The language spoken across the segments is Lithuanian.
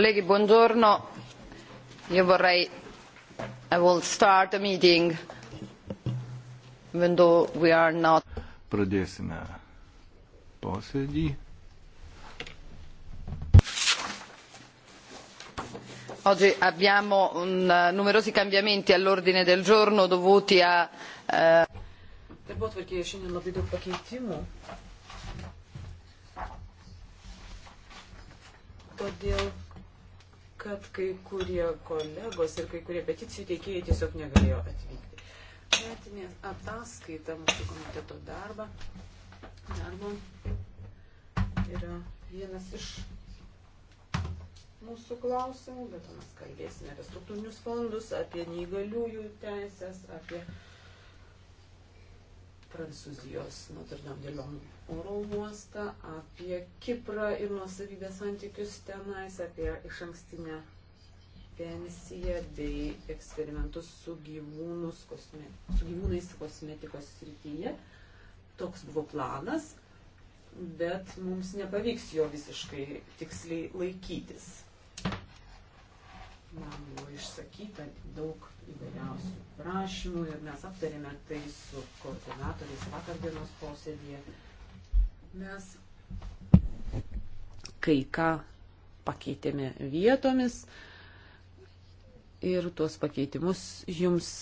Colleghi, buongiorno. Io vorrei. I will start the meeting even though we are not. Pradėsime posėdį. Oggi abbiamo un, eh, numerosi cambiamenti all'ordine del giorno dovuti a. Eh... Darbotvarkėje šiandien labai daug pakeitimų. Todėl kad kai kurie kolegos ir kai kurie peticijų teikėjai tiesiog negalėjo atvykti. Metinė ataskaita mūsų komiteto darbą, darbo yra vienas iš mūsų klausimų, bet mes kalbėsime apie struktūrinius fondus, apie neįgaliųjų teisės, apie uh, Prancūzijos Notre-Dame de Lyon oro uostą, apie Kiprą ir nuosavybės santykius tenais, apie iš ankstinę pensiją bei eksperimentus su, gyvūnus, kosme, su gyvūnais kosmetikos srityje. Toks buvo planas, bet mums nepavyks jo visiškai tiksliai laikytis na, buvo išsakyta daug įvairiausių prašymų ir mes aptarėme tai su koordinatoriais vakardienos posėdėje. Mes kai ką pakeitėme vietomis ir tuos pakeitimus jums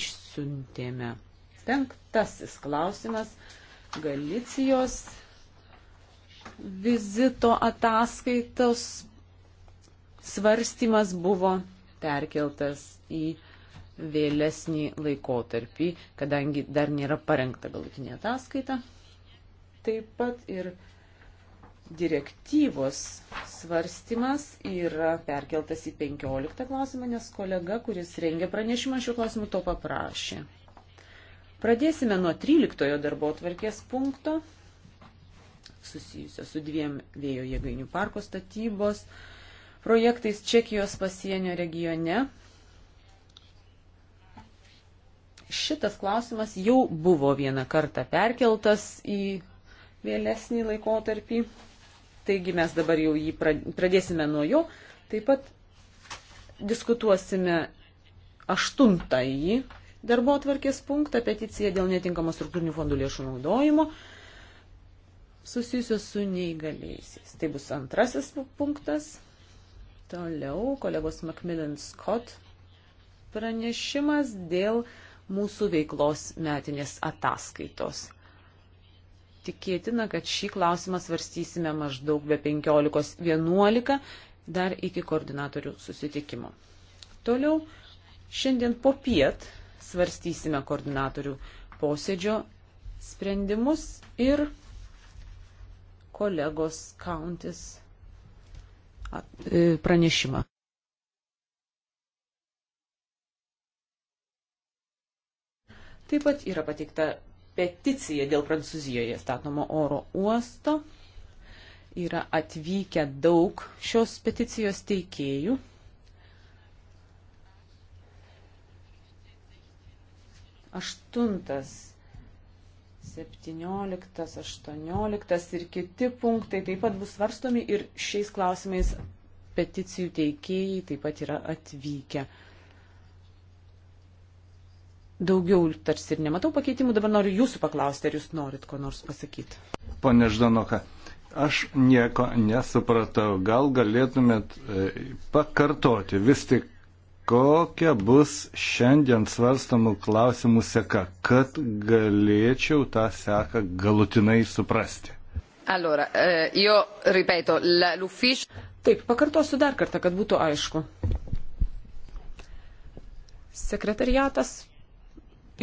išsiuntėme. Penktasis klausimas - Galicijos vizito ataskaitos svarstymas buvo perkeltas į vėlesnį laikotarpį, kadangi dar nėra parengta galutinė ataskaita. Taip pat ir direktyvos svarstymas yra perkeltas į 15 klausimą, nes kolega, kuris rengia pranešimą šiuo klausimu, to paprašė. Pradėsime nuo 13 darbo atvarkės punkto susijusio su dviem vėjo jėgainių parko statybos projektais Čekijos pasienio regione. Šitas klausimas jau buvo vieną kartą perkeltas į vėlesnį laikotarpį, taigi mes dabar jau jį pradėsime nuo jo. Taip pat diskutuosime aštuntąjį darbo atvarkės punktą, peticiją dėl netinkamo struktūrinių fondų lėšų naudojimo susijusios su neįgaliaisiais. Tai bus antrasis punktas. Toliau kolegos Macmillan Scott pranešimas dėl mūsų veiklos metinės ataskaitos. Tikėtina, kad šį klausimą svarstysime maždaug be 15.11 dar iki koordinatorių susitikimo. Toliau šiandien po piet svarstysime koordinatorių posėdžio sprendimus ir kolegos Kauntis pranešimą. Taip pat yra pateikta peticija dėl Prancūzijoje statomo oro uosto. Yra atvykę daug šios peticijos teikėjų. Aštuntas 17, 18 ir kiti punktai taip pat bus svarstomi ir šiais klausimais peticijų teikėjai taip pat yra atvykę. Daugiau tarsi ir nematau pakeitimų, dabar noriu jūsų paklausti, ar jūs norit ko nors pasakyti. Pone Ždanoka, aš nieko nesupratau, gal galėtumėt e, pakartoti vis tik, kokia bus šiandien svarstamų klausimų seka, kad galėčiau tą seką galutinai suprasti. Allora, eh, io ripeto, l'ufficio. Taip, pakartosiu dar kartą, kad būtų aišku. Sekretariatas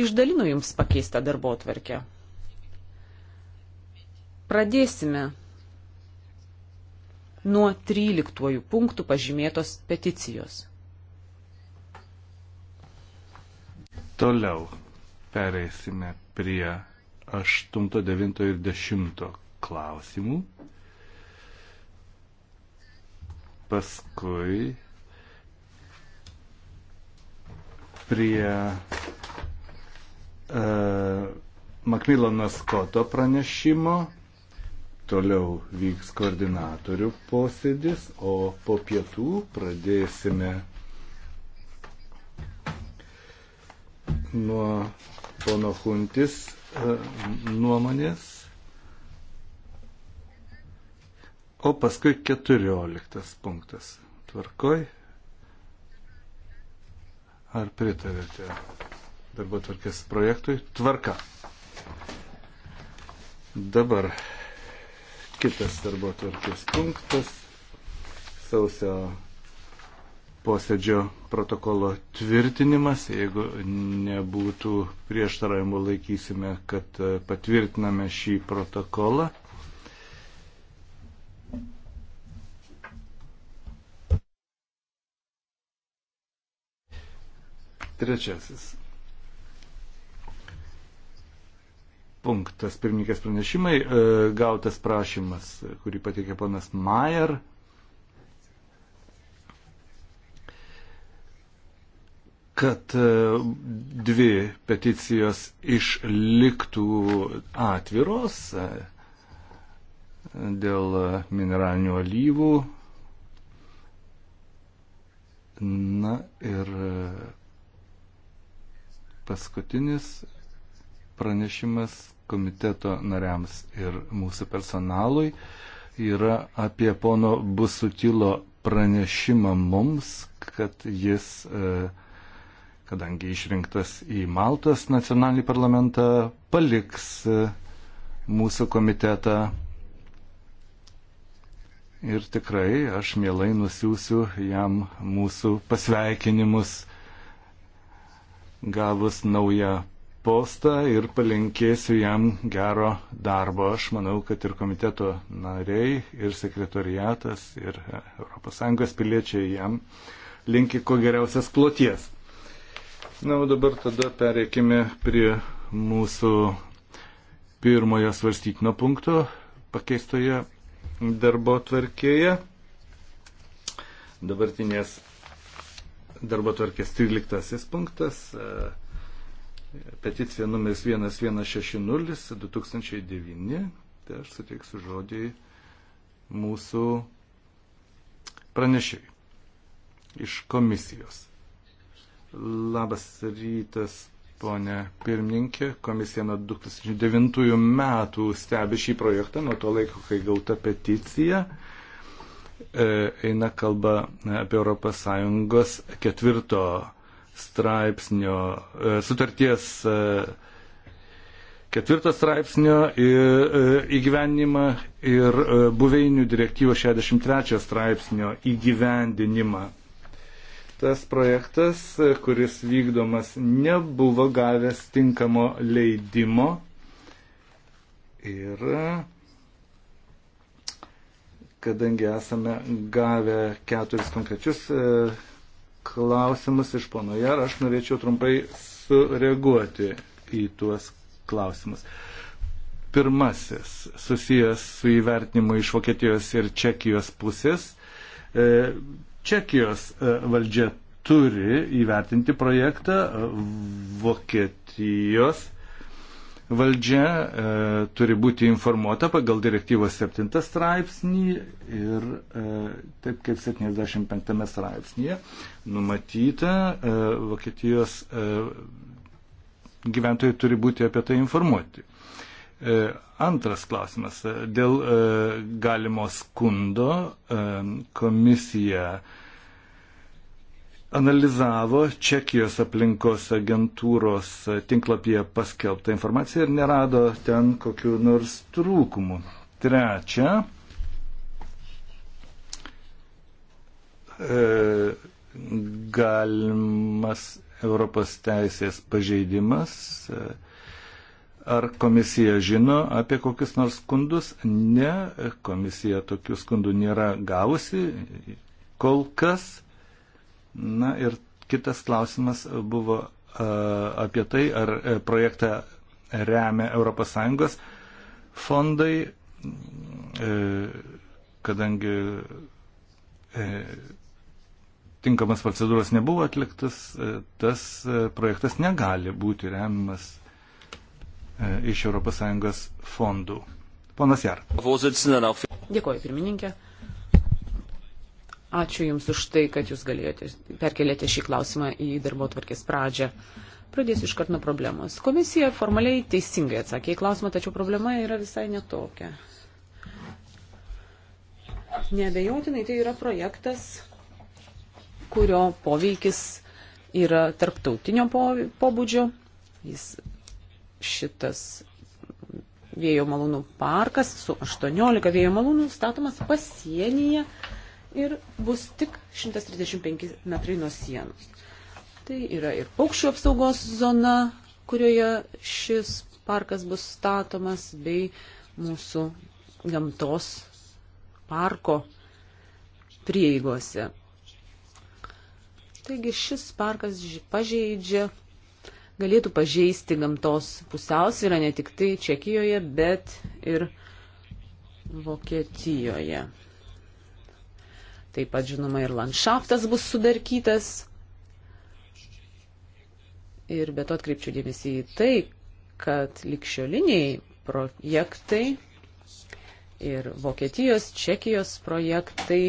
išdalino jums pakeistą darbo tvarkę. Pradėsime nuo 13 punktų pažymėtos peticijos. Toliau pereisime prie 8, 9 ir 10 klausimų. Paskui prie e, Makmilano Skoto pranešimo. Toliau vyks koordinatorių posėdis, o po pietų pradėsime nuo pono Huntis e, nuomonės. O paskui keturioliktas punktas. Tvarkoj? Ar pritarėte darbo tvarkės projektui? Tvarka. Dabar kitas darbo tvarkės punktas. Sausio posėdžio protokolo tvirtinimas. Jeigu nebūtų prieštaravimų, laikysime, kad e, patvirtiname šį protokolą. Trečiasis. Punktas pirmininkės pranešimai, e, gautas prašymas, kurį pateikė ponas Mayer kad e, dvi peticijos išliktų atviros e, dėl mineralinių alyvų. Na ir e, paskutinis pranešimas komiteto nariams ir mūsų personalui yra apie pono Busutilo pranešimą mums, kad jis uh, kadangi išrinktas į Maltos nacionalinį parlamentą, paliks e, mūsų komitetą. Ir tikrai aš mielai nusiųsiu jam mūsų pasveikinimus gavus naują postą ir palinkėsiu jam gero darbo. Aš manau, kad ir komiteto nariai, ir sekretoriatas, ir ES piliečiai jam linki kuo geriausias kloties. Na, o dabar tada pereikime prie mūsų pirmojo svarstytino punkto pakeistoje darbo tvarkėje. Dabartinės darbo tvarkės 13 punktas. E, peticija numeris 1160 2009. Tai aš suteiksiu žodį mūsų pranešiai iš komisijos. Labas rytas, ponė pirmininkė. Komisija nuo 2009 metų stebi šį projektą nuo to laiko, kai gauta peticija. E, eina kalba apie ES ketvirto straipsnio e, sutarties e, ketvirto straipsnio įgyvendinimą ir buveinių direktyvos 63 straipsnio įgyvendinimą tas projektas, kuris vykdomas, nebuvo gavęs tinkamo leidimo. Ir kadangi esame gavę keturis konkrečius e, klausimus iš pono Jar, aš norėčiau trumpai sureaguoti į tuos klausimus. Pirmasis susijęs su įvertinimu iš Vokietijos ir Čekijos pusės. E, Čekijos e, valdžia turi įvertinti projektą, e, Vokietijos valdžia e, turi būti informuota pagal direktyvos 7 straipsnį ir e, taip kaip 75 straipsnėje numatyta, e, Vokietijos e, gyventojai turi būti apie tai informuoti. E, Antras klausimas. Dėl e, galimo skundo e, komisija analizavo Čekijos aplinkos agentūros tinklapyje paskelbtą informaciją ir nerado ten kokiu nors trūkumu. Trečia, e, galimas Europos teisės pažeidimas e, Ar komisija žino apie kokius nors skundus? Ne, komisija tokių skundų nėra gavusi kol kas. Na ir kitas klausimas buvo apie tai, ar e, projektą remia ES fondai, e, kadangi e, tinkamas procedūros nebuvo atliktas, tas projektas negali būti remiamas E, iš ES fondų. Ponas Jar. Dėkuoju, pirmininkė. Ačiū Jums už tai, kad Jūs galėjote perkelėti šį klausimą į darbo tvarkės pradžią. Pradėsiu iš karto nuo problemos. Komisija formaliai teisingai atsakė į klausimą, tačiau problema yra visai netokia. Nebejotinai tai yra projektas, kurio poveikis yra tarptautinio pobūdžio. Jis šitas vėjo malūnų parkas su 18 vėjo malūnų statomas pasienyje ir bus tik 135 metrai nuo sienos. Tai yra ir paukščių apsaugos zona, kurioje šis parkas bus statomas, bei mūsų gamtos parko prieigose. Taigi šis parkas pažeidžia galėtų pažeisti gamtos pusiausvyrą ne tik tai Čekijoje, bet ir Vokietijoje. Taip pat, žinoma, ir landšaftas bus sudarkytas. Ir be to atkreipčiau dėmesį į tai, kad likščioliniai projektai ir Vokietijos, Čekijos projektai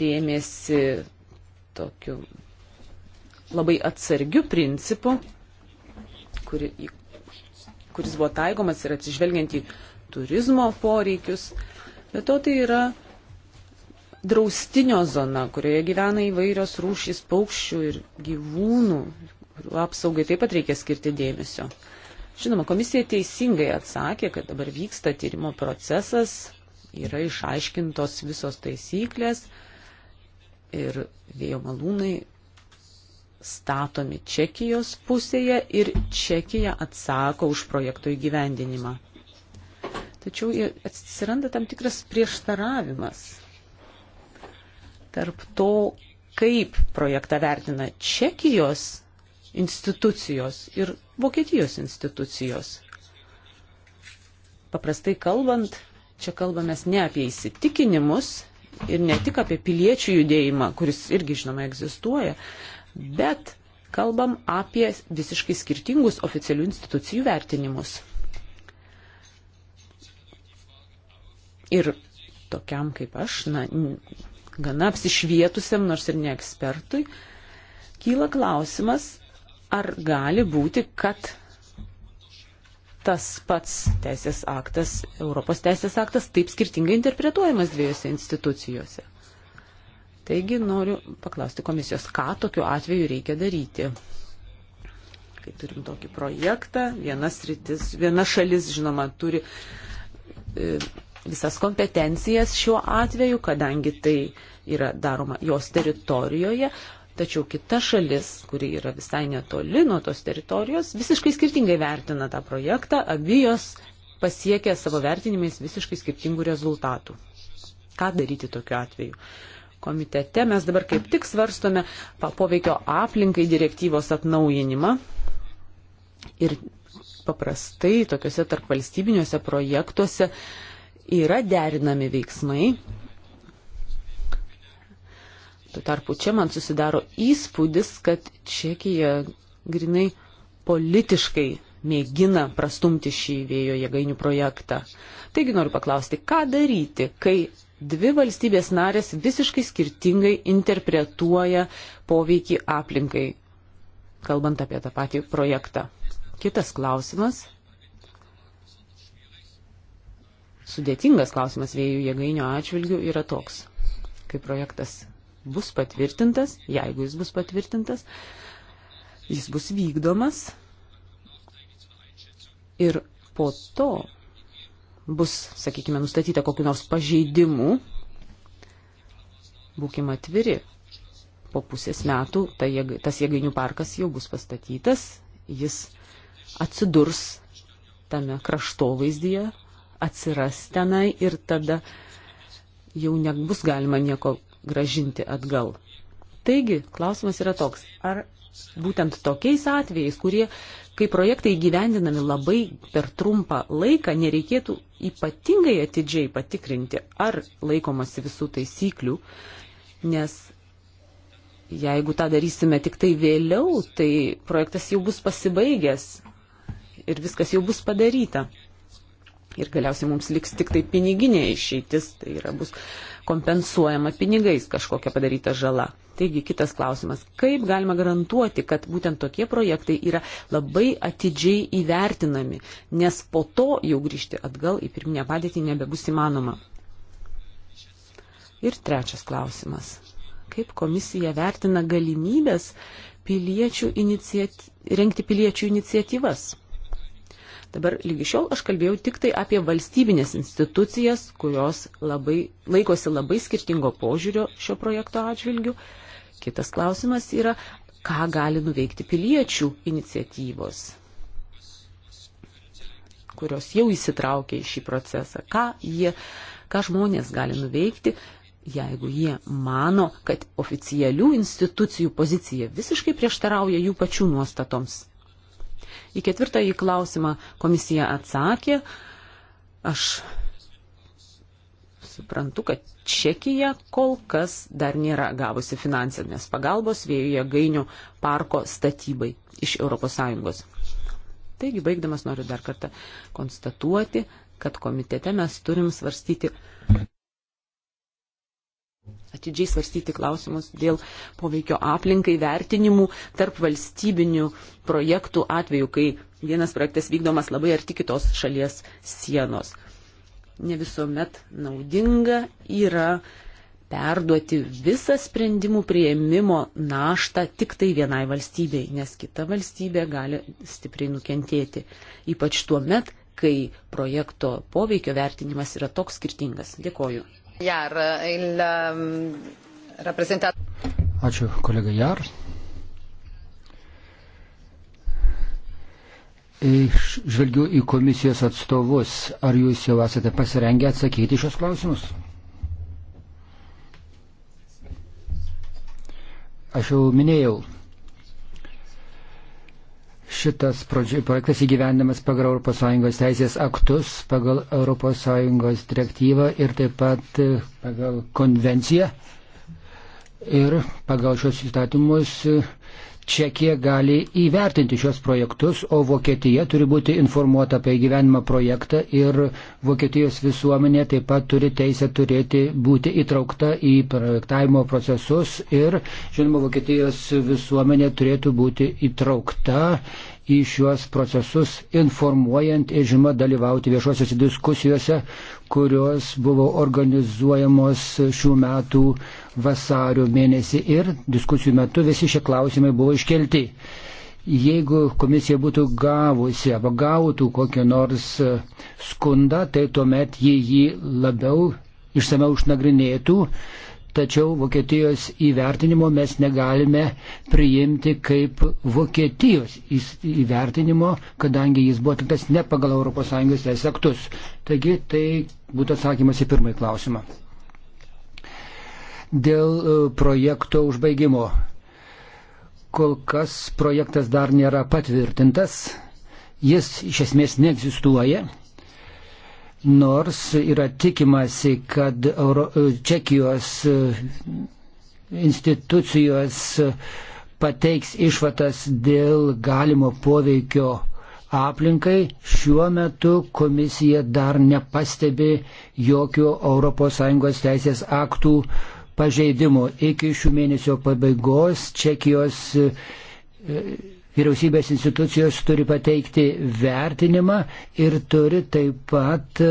rėmėsi tokiu labai atsargiu principu, kuri, kuris buvo taikomas ir atsižvelgiant į turizmo poreikius. Bet to tai yra draustinio zona, kurioje gyvena įvairios rūšys paukščių ir gyvūnų, kurių apsaugai taip pat reikia skirti dėmesio. Žinoma, komisija teisingai atsakė, kad dabar vyksta tyrimo procesas, yra išaiškintos visos taisyklės ir vėjo malūnai statomi Čekijos pusėje ir Čekija atsako už projekto įgyvendinimą. Tačiau atsiranda tam tikras prieštaravimas tarp to, kaip projektą vertina Čekijos institucijos ir Vokietijos institucijos. Paprastai kalbant, čia kalbame ne apie įsitikinimus ir ne tik apie piliečių judėjimą, kuris irgi žinoma egzistuoja, bet kalbam apie visiškai skirtingus oficialių institucijų vertinimus. Ir tokiam kaip aš, na, gana apsišvietusiam, nors ir ne ekspertui, kyla klausimas, ar gali būti, kad tas pats teisės aktas, Europos teisės aktas, taip skirtingai interpretuojamas dviejose institucijose. Taigi noriu paklausti komisijos, ką tokiu atveju reikia daryti. Kai turim tokį projektą, vienas rytis, viena šalis, žinoma, turi e, visas kompetencijas šiuo atveju, kadangi tai yra daroma jos teritorijoje, tačiau kita šalis, kuri yra visai netoli nuo tos teritorijos, visiškai skirtingai vertina tą projektą, abi jos pasiekia savo vertinimais visiškai skirtingų rezultatų. Ką daryti tokiu atveju? komitete mes dabar kaip tik svarstome poveikio aplinkai direktyvos atnaujinimą. Ir paprastai tokiuose tarpvalstybiniuose projektuose yra derinami veiksmai. Tuo tarpu čia man susidaro įspūdis, kad Čekija grinai politiškai mėgina prastumti šį vėjo jėgainių projektą. Taigi noriu paklausti, ką daryti, kai dvi valstybės narės visiškai skirtingai interpretuoja poveikį aplinkai, kalbant apie tą patį projektą. Kitas klausimas. Sudėtingas klausimas vėjų jėgainio atžvilgių yra toks. Kai projektas bus patvirtintas, jeigu jis bus patvirtintas, jis bus vykdomas ir po to bus, sakykime, nustatyta kokiu nors pažeidimu, būkime atviri, po pusės metų ta jėga, tas jėgainių parkas jau bus pastatytas, jis atsidurs tame kraštovaizdyje, atsiras tenai ir tada jau nebus galima nieko gražinti atgal. Taigi, klausimas yra toks, ar būtent tokiais atvejais, kurie, kai projektai įgyvendinami labai per trumpą laiką, nereikėtų ypatingai atidžiai patikrinti, ar laikomasi visų taisyklių, nes jeigu tą darysime tik tai vėliau, tai projektas jau bus pasibaigęs ir viskas jau bus padaryta. Ir galiausiai mums liks tik tai piniginė išeitis, tai yra bus kompensuojama pinigais kažkokia padaryta žala. Taigi kitas klausimas, kaip galima garantuoti, kad būtent tokie projektai yra labai atidžiai įvertinami, nes po to jau grįžti atgal į pirminę padėtį nebebus įmanoma. Ir trečias klausimas, kaip komisija vertina galimybės piliečių iniciat... rengti piliečių iniciatyvas? Dabar lygi šiol aš kalbėjau tik tai apie valstybinės institucijas, kurios labai, laikosi labai skirtingo požiūrio šio projekto atžvilgių. Kitas klausimas yra, ką gali nuveikti piliečių iniciatyvos, kurios jau įsitraukia į šį procesą, ką, jie, ką žmonės gali nuveikti, jeigu jie mano, kad oficialių institucijų pozicija visiškai prieštarauja jų pačių nuostatoms. Į ketvirtąjį klausimą komisija atsakė. Aš suprantu, kad Čekija kol kas dar nėra gavusi finansinės pagalbos vėjų jėgainių parko statybai iš ES. Taigi, baigdamas noriu dar kartą konstatuoti, kad komitete mes turim svarstyti atidžiai svarstyti klausimus dėl poveikio aplinkai vertinimų tarp valstybinių projektų atveju, kai vienas projektas vykdomas labai arti kitos šalies sienos. Ne visuomet naudinga yra perduoti visą sprendimų prieimimo naštą tik tai vienai valstybei, nes kita valstybė gali stipriai nukentėti. Ypač tuo met, kai projekto poveikio vertinimas yra toks skirtingas. Dėkoju. Jar, il um, reprezentat. Ačiū, kolega Jar. Žvelgiu į komisijos atstovus. Ar jūs jau esate pasirengę atsakyti šios klausimus? Aš jau minėjau šitas projektas įgyvendamas pagal ES teisės aktus, pagal ES direktyvą ir taip pat e, pagal konvenciją. Ir pagal šios įstatymus e, Čekija gali įvertinti šios projektus, o Vokietija turi būti informuota apie gyvenimą projektą ir Vokietijos visuomenė taip pat turi teisę turėti būti įtraukta į projektavimo procesus ir, žinoma, Vokietijos visuomenė turėtų būti įtraukta į šiuos procesus, informuojant ir, žinoma, dalyvauti viešuosiuose diskusijose, kurios buvo organizuojamos šių metų vasario mėnesį ir diskusijų metu visi šie klausimai buvo iškelti. Jeigu komisija būtų gavusi arba gautų kokią nors e, skundą, tai tuomet jie jį labiau išsameu išnagrinėtų, tačiau Vokietijos įvertinimo mes negalime priimti kaip Vokietijos įvertinimo, kadangi jis buvo atliktas ne pagal ES teisės aktus. Taigi tai būtų atsakymas į pirmąjį klausimą dėl e, projekto užbaigimo. Kol kas projektas dar nėra patvirtintas, jis iš esmės neegzistuoja, nors yra tikimasi, kad Euro e, Čekijos e, institucijos pateiks išvatas dėl galimo poveikio aplinkai, šiuo metu komisija dar nepastebi jokių ES teisės aktų pažeidimų. Iki šių mėnesio pabaigos Čekijos e, vyriausybės institucijos turi pateikti vertinimą ir turi taip pat e,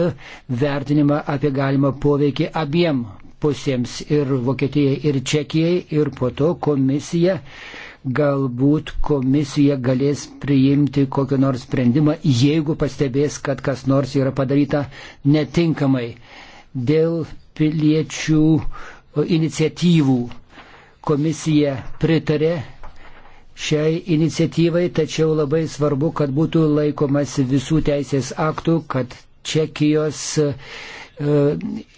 vertinimą apie galimą poveikį abiem pusėms ir Vokietijai, ir Čekijai, ir po to komisija galbūt komisija galės priimti kokį nors sprendimą, jeigu pastebės, kad kas nors yra padaryta netinkamai. Dėl piliečių uh, iniciatyvų. Komisija pritarė šiai iniciatyvai, tačiau labai svarbu, kad būtų laikomas visų teisės aktų, kad Čekijos e,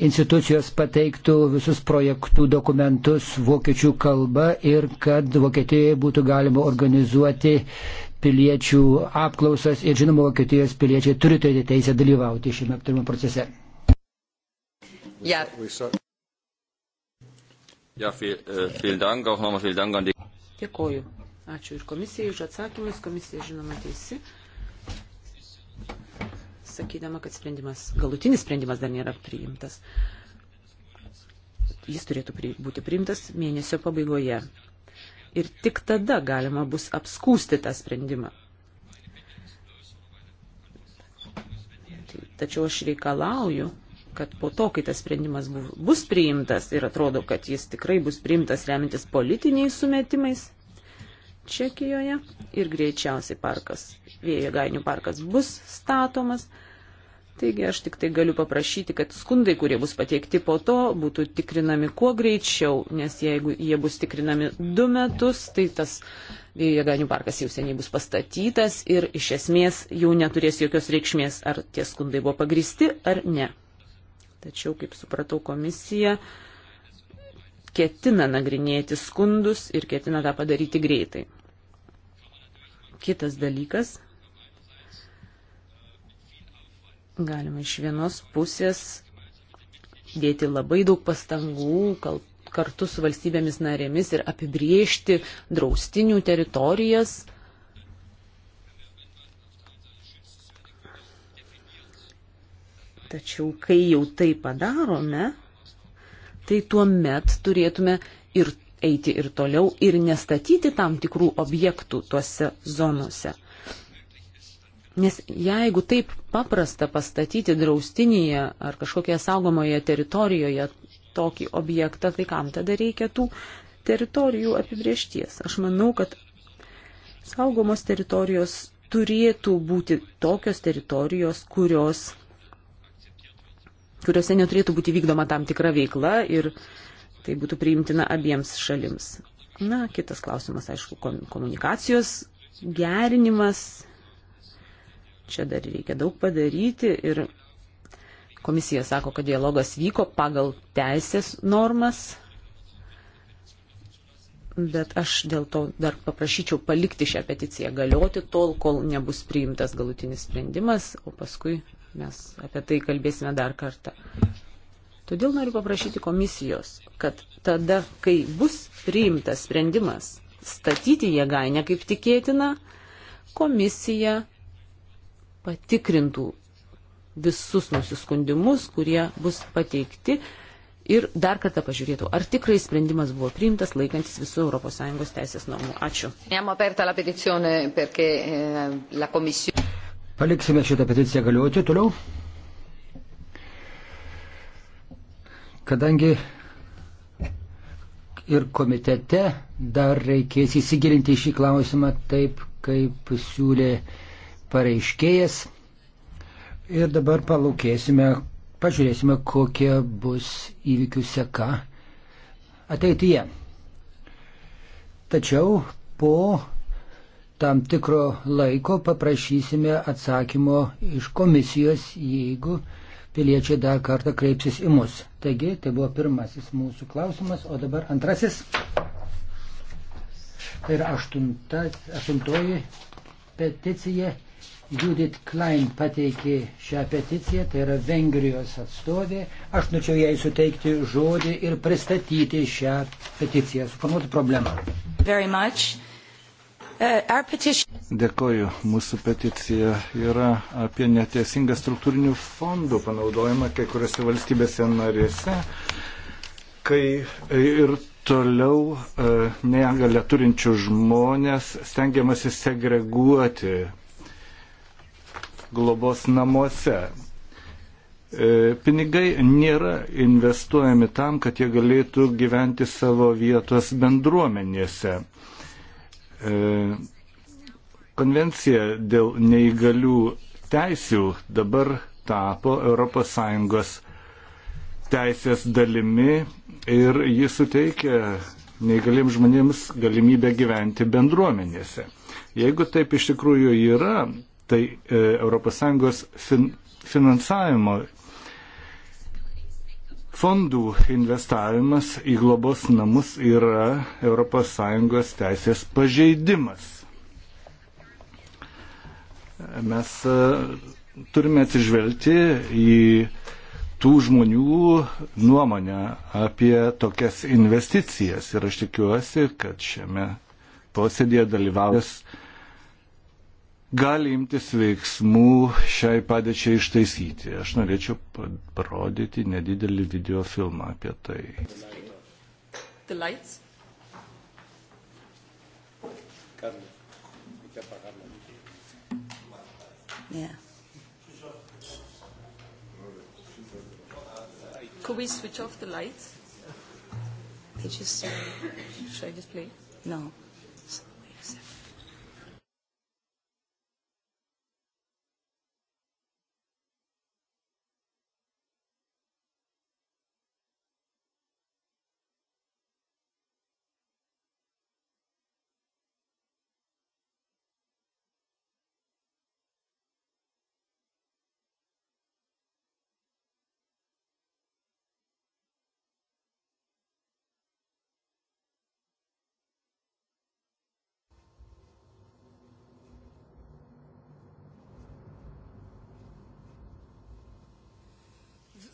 institucijos pateiktų visus projektų dokumentus vokiečių kalba ir kad Vokietijoje būtų galima organizuoti piliečių apklausas ir žinoma, Vokietijos piliečiai turi turėti teisę dalyvauti šiame aptarimo procese. Yeah. Ja, viel, äh, viel dank, auch nochmal viel dank an die. Dėkoju. Ačiū ir komisijai už atsakymus. Komisija, žinoma, teisi. Sakydama, kad sprendimas, galutinis sprendimas dar nėra priimtas. Jis turėtų pri, būti priimtas mėnesio pabaigoje. Ir tik tada galima bus apskūsti tą sprendimą. Tačiau aš reikalauju, kad po to, kai tas sprendimas bus priimtas ir atrodo, kad jis tikrai bus priimtas remintis politiniais sumetimais Čekijoje ir greičiausiai parkas, vėjo gainių parkas bus statomas. Taigi aš tik tai galiu paprašyti, kad skundai, kurie bus pateikti po to, būtų tikrinami kuo greičiau, nes jeigu jie bus tikrinami du metus, tai tas vėjo jėganių parkas jau seniai bus pastatytas ir iš esmės jau neturės jokios reikšmės, ar tie skundai buvo pagristi ar ne. Tačiau, kaip supratau, komisija ketina nagrinėti skundus ir ketina tą padaryti greitai. Kitas dalykas. Galima iš vienos pusės dėti labai daug pastangų kartu su valstybėmis narėmis ir apibriežti draustinių teritorijas Tačiau, kai jau tai padarome, tai tuo met turėtume ir eiti ir toliau ir nestatyti tam tikrų objektų tuose zonuose. Nes jeigu taip paprasta pastatyti draustinyje ar kažkokioje saugomoje teritorijoje tokį objektą, tai kam tada reikia tų teritorijų apibriešties? Aš manau, kad saugomos teritorijos turėtų būti tokios teritorijos, kurios kuriuose neturėtų būti vykdoma tam tikra veikla ir tai būtų priimtina abiems šalims. Na, kitas klausimas, aišku, komunikacijos gerinimas. Čia dar reikia daug padaryti ir komisija sako, kad dialogas vyko pagal teisės normas, bet aš dėl to dar paprašyčiau palikti šią peticiją galioti tol, kol nebus priimtas galutinis sprendimas, o paskui Mes apie tai kalbėsime dar kartą. Todėl noriu paprašyti komisijos, kad tada, kai bus priimtas sprendimas statyti jėgainę kaip tikėtina, komisija patikrintų visus nusiskundimus, kurie bus pateikti ir dar kartą pažiūrėtų, ar tikrai sprendimas buvo priimtas laikantis visų ES teisės normų. Ačiū. Paliksime šitą peticiją galioti toliau. Kadangi ir komitete dar reikės įsigilinti į šį klausimą taip, kaip siūlė pareiškėjas. Ir dabar palaukėsime, pažiūrėsime, kokia bus įvykių seka ateityje. Tačiau po tam tikro laiko paprašysime atsakymo iš komisijos, jeigu piliečiai dar kartą kreipsis į mus. Taigi, tai buvo pirmasis mūsų klausimas, o dabar antrasis. Tai yra aštuntas, aštuntoji peticija. Judith Klein pateikė šią peticiją, tai yra Vengrijos atstovė. Aš nučiau jai suteikti žodį ir pristatyti šią peticiją, suformuoti problemą. Very much. Uh, Dėkoju. Mūsų peticija yra apie neteisingą struktūrinių fondų panaudojimą kai kuriuose valstybėse narėse, kai e, ir toliau e, negalę turinčių žmonės stengiamasi segreguoti globos namuose. E, pinigai nėra investuojami tam, kad jie galėtų gyventi savo vietos bendruomenėse. E, konvencija dėl neįgalių teisių dabar tapo ES teisės dalimi ir ji suteikia neįgaliems žmonėms galimybę gyventi bendruomenėse. Jeigu taip iš tikrųjų yra, tai ES fin, finansavimo Fondų investavimas į globos namus yra ES teisės pažeidimas. Mes e, turime atsižvelgti į tų žmonių nuomonę apie tokias investicijas ir aš tikiuosi, kad šiame posėdėje dalyvaujas gali imtis veiksmų šiai padėčiai ištaisyti. Aš norėčiau parodyti nedidelį video filmą apie tai. The lights. Yeah. Could we switch off the lights? They just uh, should I just play? No.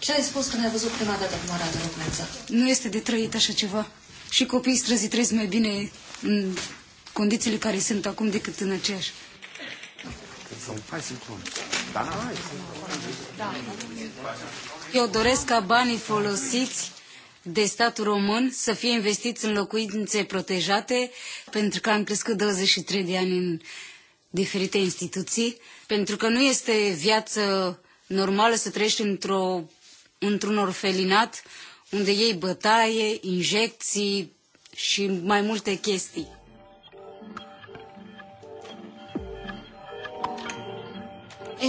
Ce ai spus când ai văzut prima dată cum arată Rugneța? Nu este de trăit așa ceva. Și copiii străzii trăiesc mai bine în condițiile care sunt acum decât în aceeași. Eu doresc ca banii folosiți de statul român să fie investiți în locuințe protejate, pentru că am crescut 23 de ani în diferite instituții, pentru că nu este viață normală să trăiești într-o într-un orfelinat unde ei bătaie, injecții și mai multe chestii.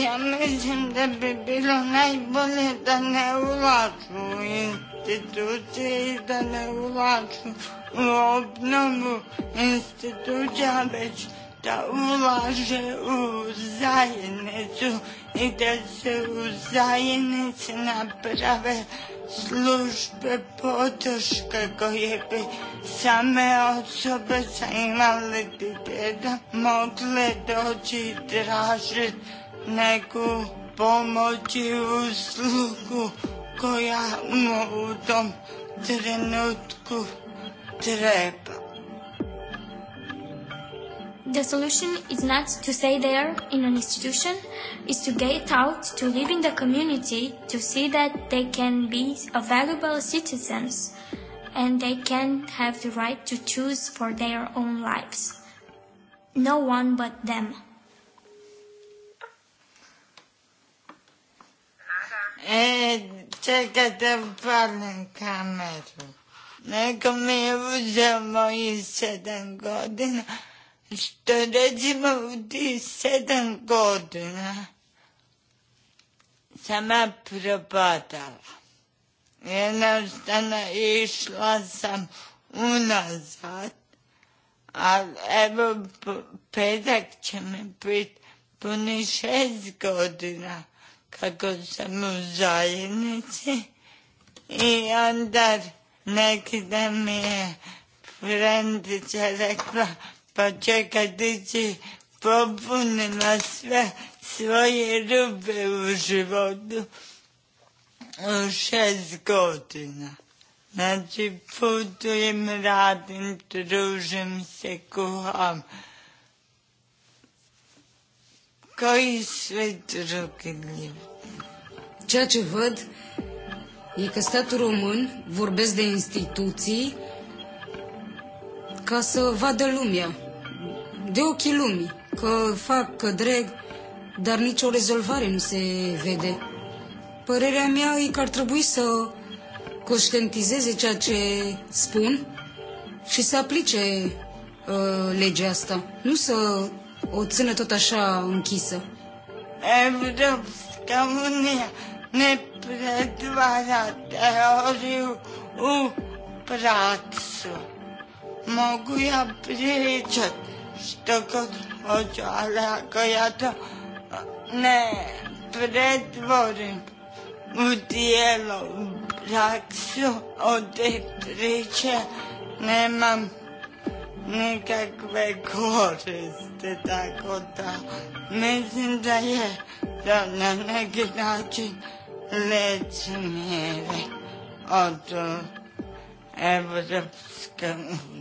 Ja mislim da bi bilo najbolje da ne ulažu u institucije i da ne ulažu u obnovu institucija, već da ulaže u zajednicu i da se u zajednici naprave službe podrške koje bi same osobe sa invaliditetom mogle doći i tražiti neku pomoć i uslugu koja mu u tom trenutku treba. The solution is not to stay there in an institution, is to get out, to live in the community, to see that they can be valuable citizens and they can have the right to choose for their own lives. No one but them. Czekajcie e, parę kamer. Jak mi już moje 7 godzin, što recimo u tih sedam godina sama propadala. Jednostavno išla sam unazad, ali evo petak će mi biti puni šest godina kako sam u zajednici i onda neki dan mi je frendica rekla pačoj kadeći popunila sve svoje rupe u životu u šest godina. Znači, putujem, radim, družim se, kuham. Koji sve drugi ljudi? Ceea ce văd e că statul român vorbesc de instituții ca să vadă lumea de ochii lumii, că fac, că dreg, dar nicio rezolvare nu se vede. Părerea mea e că ar trebui să conștientizeze ceea ce spun și să aplice uh, legea asta, nu să o țină tot așa închisă. Evropska nepretvárať u prácu. Mogu ja pričati Štokog hoću, ali ako ja to ne pretvorim u tijelo, u praksu od te priče nemam nikakve koriste, tako da mislim da je da na neki način lecmjere od Evropske unije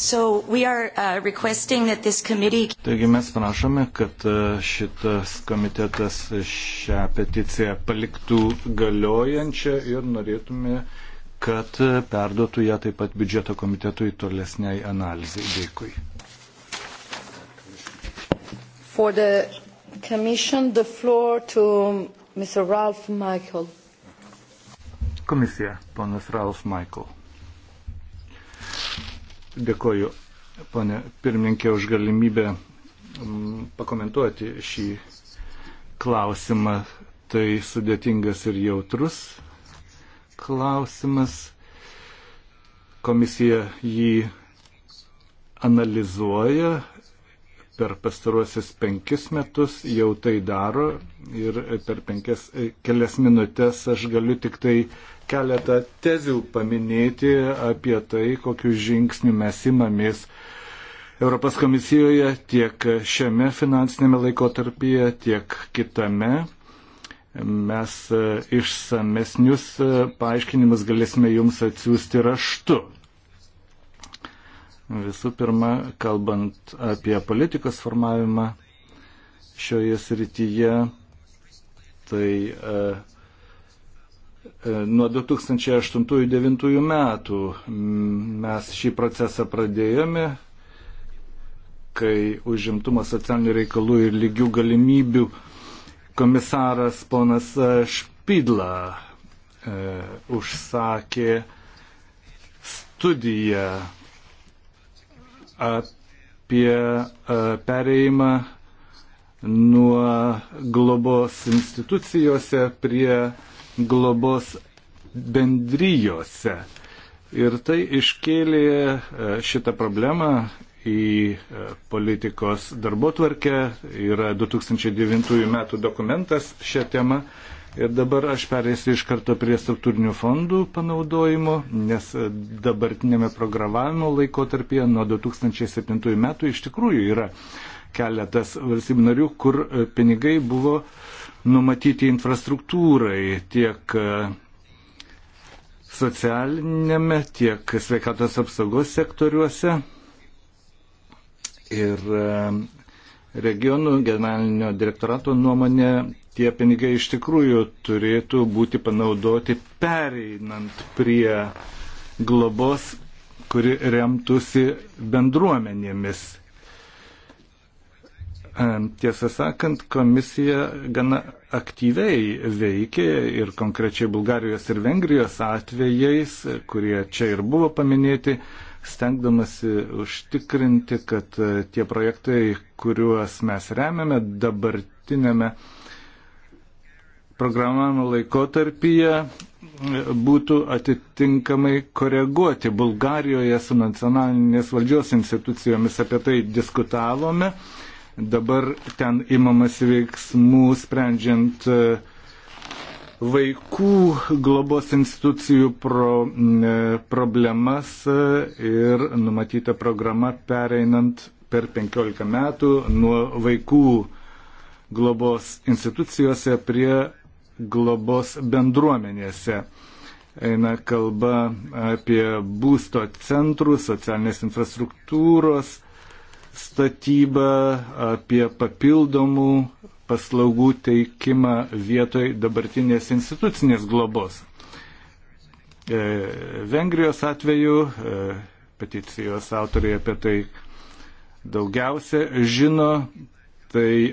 So are, uh, committee... Taigi mes prašome, kad uh, šitas komitetas šią peticiją paliktų galiojančią ir norėtume, kad uh, perduotų ją taip pat biudžeto komitetui tolesniai analizai. Dėkui. For the commission, the floor to Mr. Ralph Michael. Komisija, ponas Ralph Michael. Dėkoju, ponė pirmininkė, už galimybę mm, pakomentuoti šį klausimą. Tai sudėtingas ir jautrus klausimas. Komisija jį analizuoja per pastaruosius penkis metus jau tai daro ir per penkias, e, kelias minutės aš galiu tik tai keletą tezių paminėti apie tai, kokiu žingsniu mes imamės Europos komisijoje tiek šiame finansinėme laikotarpyje, tiek kitame mes e, išsamesnius e, paaiškinimus galėsime jums atsiųsti raštu. Visų pirma, kalbant apie politikos formavimą šioje srityje, tai e, e Nuo 2008-2009 metų mes šį procesą pradėjome, kai užimtumo socialinių reikalų ir lygių galimybių komisaras ponas e, Špidla e, užsakė studiją apie e, pereimą nuo globos institucijose prie globos bendryjose. Ir tai iškėlė e, šitą problemą į e, politikos darbotvarkę. Yra 2009 metų dokumentas šią temą. Ir dabar aš perėsiu iš karto prie struktūrinių fondų panaudojimo, nes dabartinėme programavimo laikotarpyje nuo 2007 metų iš tikrųjų yra keletas valstybių narių, kur pinigai buvo numatyti infrastruktūrai tiek e, socialinėme, tiek sveikatos apsaugos sektoriuose. Ir e, regionų generalinio direktorato nuomonė tie pinigai iš tikrųjų turėtų būti panaudoti pereinant prie globos, kuri remtųsi bendruomenėmis. Tiesą sakant, komisija gana aktyviai veikė ir konkrečiai Bulgarijos ir Vengrijos atvejais, kurie čia ir buvo paminėti, stengdamasi užtikrinti, kad tie projektai, kuriuos mes remiame dabartinėme uh, programavimo laikotarpyje būtų atitinkamai koreguoti. Bulgarijoje su nacionalinės valdžios institucijomis apie tai diskutavome. Dabar ten imamas veiksmų sprendžiant e, vaikų globos institucijų pro, e, problemas e, ir numatyta programa pereinant per 15 metų nuo vaikų globos institucijose prie globos bendruomenėse. Eina kalba apie būsto centrų, socialinės infrastruktūros statybą, apie papildomų paslaugų teikimą vietoj dabartinės institucinės globos. E, Vengrijos atveju e, peticijos autoriai apie tai daugiausia žino, tai e,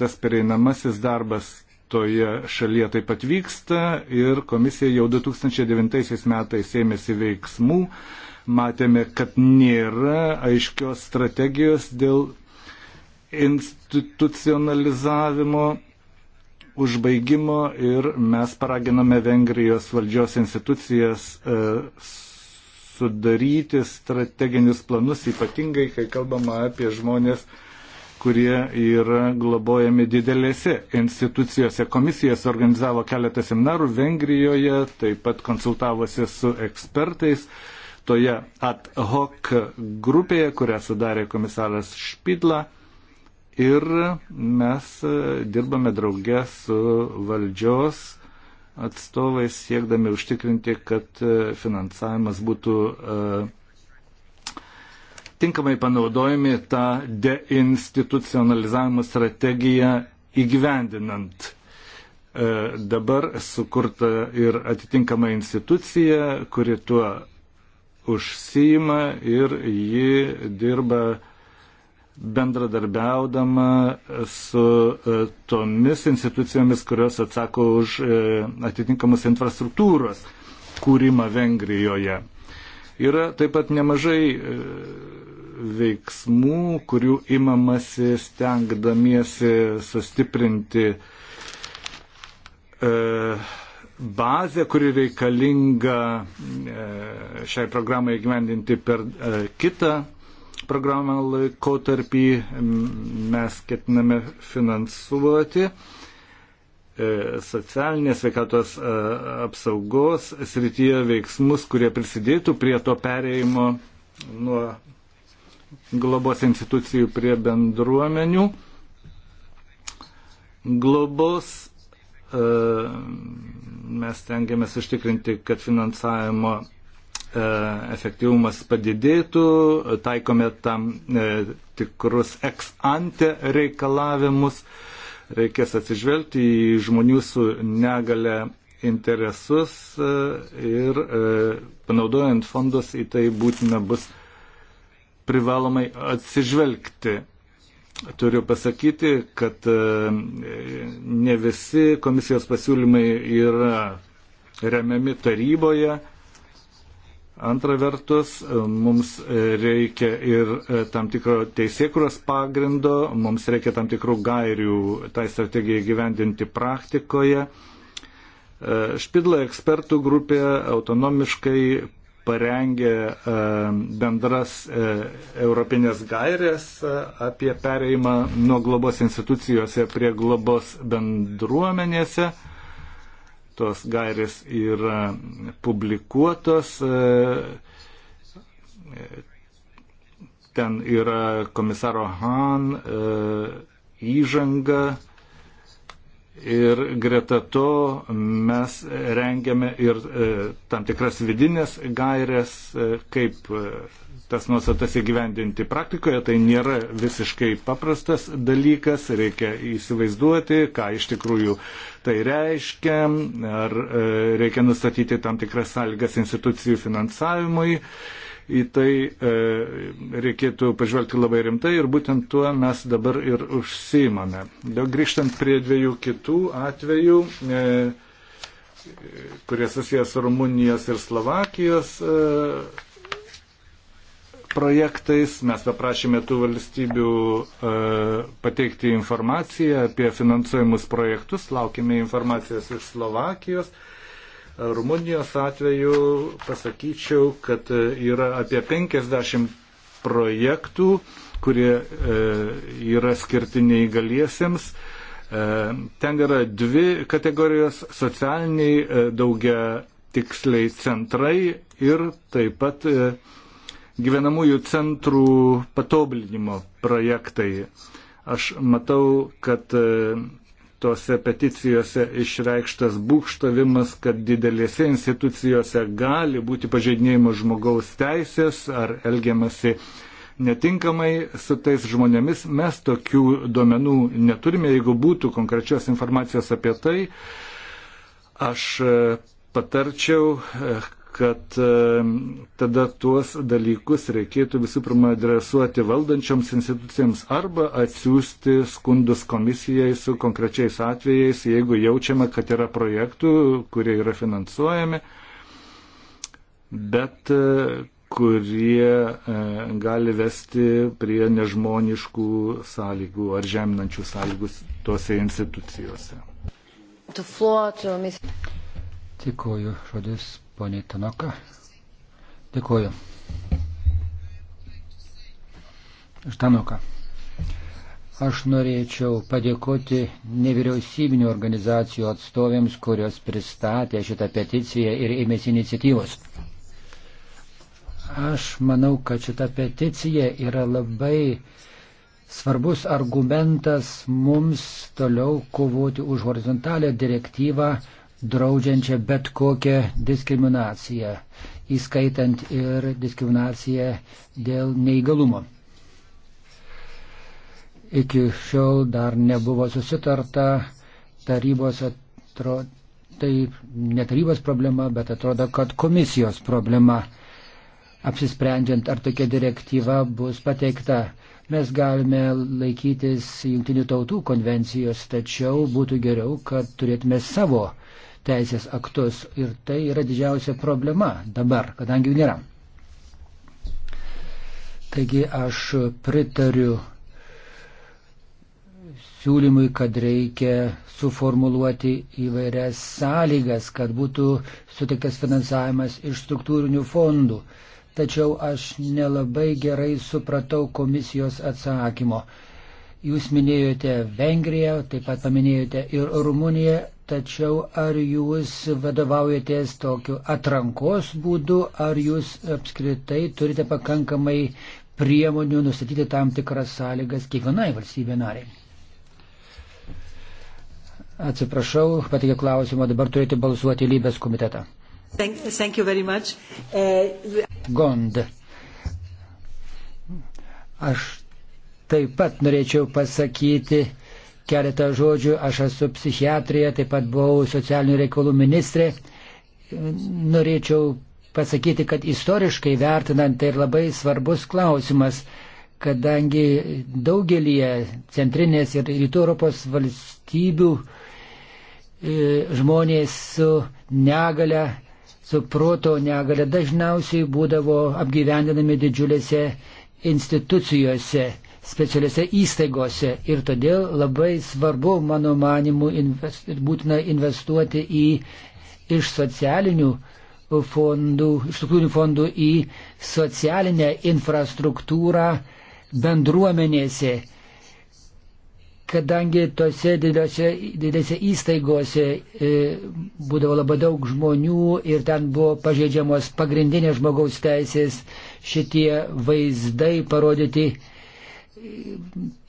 tas pereinamasis darbas toje šalyje taip pat vyksta ir komisija jau 2009 metais ėmėsi veiksmų. Matėme, kad nėra aiškios strategijos dėl institucionalizavimo užbaigimo ir mes paraginame Vengrijos valdžios institucijas e, sudaryti strateginius planus, ypatingai kai kalbama apie žmonės, kurie yra globojami didelėse institucijose. Komisija suorganizavo keletą seminarų Vengrijoje, taip pat konsultavosi su ekspertais toje ad hoc grupėje, kurią sudarė komisaras Špidla. Ir mes e, dirbame drauge su valdžios atstovais siekdami užtikrinti, kad e, finansavimas būtų uh, tinkamai panaudojami tą deinstitucionalizavimo strategiją įgyvendinant. E, dabar sukurta ir atitinkama institucija, kuri tuo užsijima ir ji dirba bendradarbiaudama su e, tomis institucijomis, kurios atsako už e, atitinkamus infrastruktūros kūrimą Vengrijoje. Yra taip pat nemažai veiksmų, kurių imamasi stengdamiesi sustiprinti e, bazę, kuri reikalinga e, šiai programai įgyvendinti per e, kitą programą laikotarpį, mes ketiname finansuoti socialinės sveikatos apsaugos srityje veiksmus, kurie prisidėtų prie to pereimo nuo globos institucijų prie bendruomenių. Globos e, mes tengiamės užtikrinti, kad finansavimo e, efektyvumas padidėtų, taikome tam e, tikrus ex ante reikalavimus, reikės atsižvelgti į žmonių su negale interesus ir panaudojant fondus į tai būtina bus privalomai atsižvelgti. Turiu pasakyti, kad e, ne visi komisijos pasiūlymai yra remiami taryboje. Antra vertus, mums reikia ir e, tam tikro teisėkuros pagrindo, mums reikia tam tikrų gairių tai strategijai gyvendinti praktikoje. E, Špidla ekspertų grupė autonomiškai parengė e, bendras e, europinės gairės e, apie pereimą nuo globos institucijose prie globos bendruomenėse. Tos gairės yra publikuotos. Ten yra komisaro Han įžanga Ir greta to mes rengiame ir e, tam tikras vidinės gairės, e, kaip e, tas nuostatas įgyvendinti praktikoje. Tai nėra visiškai paprastas dalykas, reikia įsivaizduoti, ką iš tikrųjų tai reiškia, ar e, reikia nustatyti tam tikras sąlygas institucijų finansavimui. E, į tai e, reikėtų pažvelgti labai rimtai ir būtent tuo mes dabar ir užsiimame. Dėl grįžtant prie dviejų kitų atvejų, e, kurie susijęs su Rumunijos ir Slovakijos e, projektais, mes paprašėme tų valstybių e, pateikti informaciją apie finansuojimus projektus, laukime informacijos iš Slovakijos. E, Rumunijos atveju pasakyčiau, kad e, yra apie 50 projektų, kurie e, yra skirti neįgaliesiems. E, ten yra dvi kategorijos - socialiniai daugia tiksliai centrai ir taip pat gyvenamųjų centrų patobulinimo projektai. Aš matau, kad tose peticijose išreikštas būkštavimas, kad didelėse institucijose gali būti pažeidinėjimas žmogaus teisės ar elgiamasi netinkamai su tais žmonėmis. Mes tokių duomenų neturime. Jeigu būtų konkrečios informacijos apie tai, aš e, patarčiau, e, kad e, tada tuos dalykus reikėtų visų pirma adresuoti valdančioms institucijams arba atsiųsti skundus komisijai su konkrečiais atvejais, jeigu jaučiama, kad yra projektų, kurie yra finansuojami, bet e, kurie e, gali vesti prie nežmoniškų sąlygų ar žeminančių sąlygų tuose institucijose. Dėkuoju, žodis Pone Tanoka. Dėkuoju. Štanoka. Aš norėčiau padėkoti nevyriausybinio organizacijų atstovėms, kurios pristatė šitą peticiją ir ėmėsi iniciatyvos. Aš manau, kad šita peticija yra labai svarbus argumentas mums toliau kovoti už horizontalią direktyvą draudžiančią bet kokią diskriminaciją, įskaitant ir diskriminaciją dėl neįgalumo. Iki šiol dar nebuvo susitarta tarybos, atro, tai ne tarybos problema, bet atrodo, kad komisijos problema apsisprendžiant, ar tokia direktyva bus pateikta. Mes galime laikytis Junktinių tautų konvencijos, tačiau būtų geriau, kad turėtume savo uh, teisės aktus. Ir tai yra didžiausia problema dabar, kadangi jų nėra. Taigi aš pritariu siūlymui, kad reikia suformuluoti įvairias sąlygas, kad būtų sutiktas finansavimas iš struktūrinių fondų. Tačiau aš nelabai gerai supratau komisijos atsakymo. Jūs minėjote Vengriją, taip pat paminėjote ir Rumuniją. Tačiau ar jūs vadovaujatės tokiu atrankos būdu, ar jūs apskritai turite pakankamai priemonių nustatyti tam tikras sąlygas kiekvienai valstybė nariai? Atsiprašau, patikė klausimą, dabar turite balsuoti lybės komitetą. Thank, thank you very much. Uh, Gond. Aš taip pat norėčiau pasakyti, uh, keletą žodžių. Aš esu psichiatrija, taip pat buvau socialinių reikalų ministrė. Norėčiau pasakyti, kad istoriškai vertinant tai labai svarbus klausimas, kadangi daugelį centrinės ir rytų Europos valstybių e, žmonės su negale, su proto negale dažniausiai būdavo apgyvendinami didžiulėse institucijose specialiuose įstaigose ir todėl labai svarbu, mano manimu, invest, būtina investuoti į iš socialinių fondų, iš struktūrinių fondų į socialinę infrastruktūrą bendruomenėse, kadangi tose didelėse įstaigose e, būdavo labai daug žmonių ir ten buvo pažeidžiamos pagrindinės žmogaus teisės, šitie vaizdai parodyti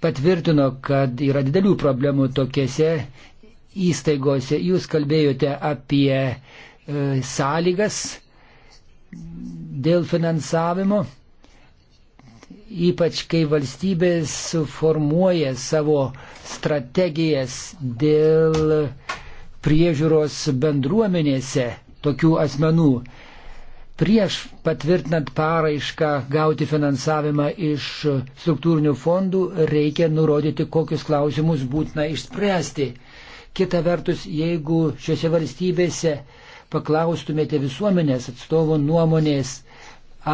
patvirtino, kad yra didelių problemų tokiuose įstaigose. Jūs kalbėjote apie e, sąlygas dėl finansavimo, ypač kai valstybės suformuoja savo strategijas dėl priežiūros bendruomenėse tokių asmenų prieš patvirtinant paraišką gauti finansavimą iš struktūrinių fondų reikia nurodyti, kokius klausimus būtina išspręsti. Kita vertus, jeigu šiuose valstybėse paklaustumėte visuomenės atstovų nuomonės,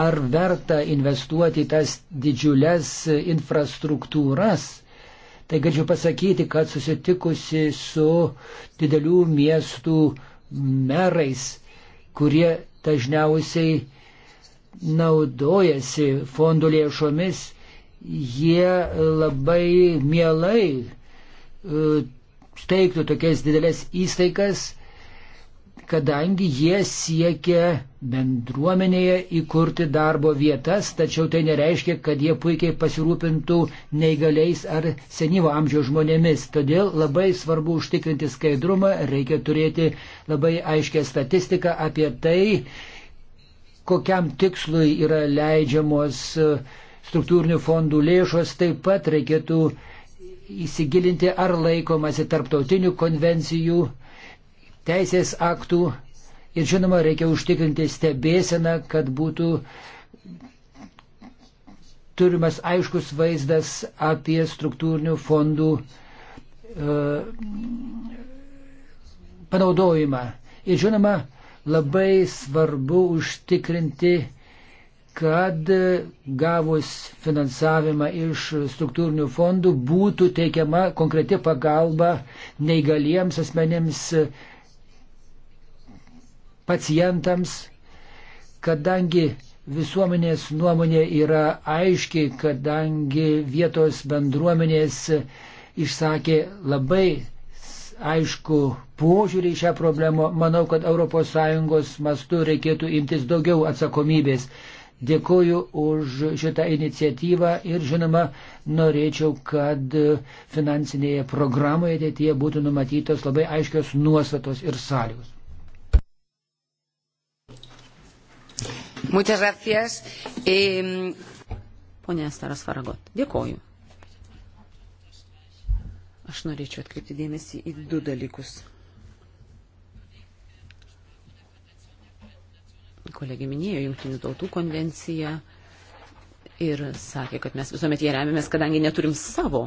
ar verta investuoti į tas didžiulės infrastruktūras, tai galiu pasakyti, kad susitikusi su didelių miestų merais, kurie dažniausiai naudojasi fondų lėšomis, jie labai mielai e, steigtų tokias didelės įstaigas, kadangi jie siekia bendruomenėje įkurti darbo vietas, tačiau tai nereiškia, kad jie puikiai pasirūpintų neįgaliais ar senyvo amžiaus žmonėmis. Todėl labai svarbu užtikrinti skaidrumą, reikia turėti labai aiškę statistiką apie tai, kokiam tikslui yra leidžiamos e, struktūrinių fondų lėšos, taip pat reikėtų įsigilinti, ar laikomasi tarptautinių konvencijų teisės aktų ir žinoma reikia užtikrinti stebėseną, kad būtų turimas aiškus vaizdas apie struktūrinių fondų e, panaudojimą. Ir žinoma, labai svarbu užtikrinti, kad gavus finansavimą iš struktūrinių fondų būtų teikiama konkreti pagalba neįgaliems asmenėms, pacientams, kadangi visuomenės nuomonė yra aiški, kadangi vietos bendruomenės išsakė labai aišku požiūrį į šią problemą, manau, kad ES mastu reikėtų imtis daugiau atsakomybės. Dėkuoju už šitą iniciatyvą ir žinoma, norėčiau, kad finansinėje programoje ateityje būtų numatytos labai aiškios nuostatos ir sąlygos. Muchas gracias. E... Pone Staras Faragot, dėkoju. Aš norėčiau atkreipti dėmesį į du dalykus. Kolegė minėjo Junktinių tautų konvenciją ir sakė, kad mes visuomet ją remiamės, kadangi neturim savo.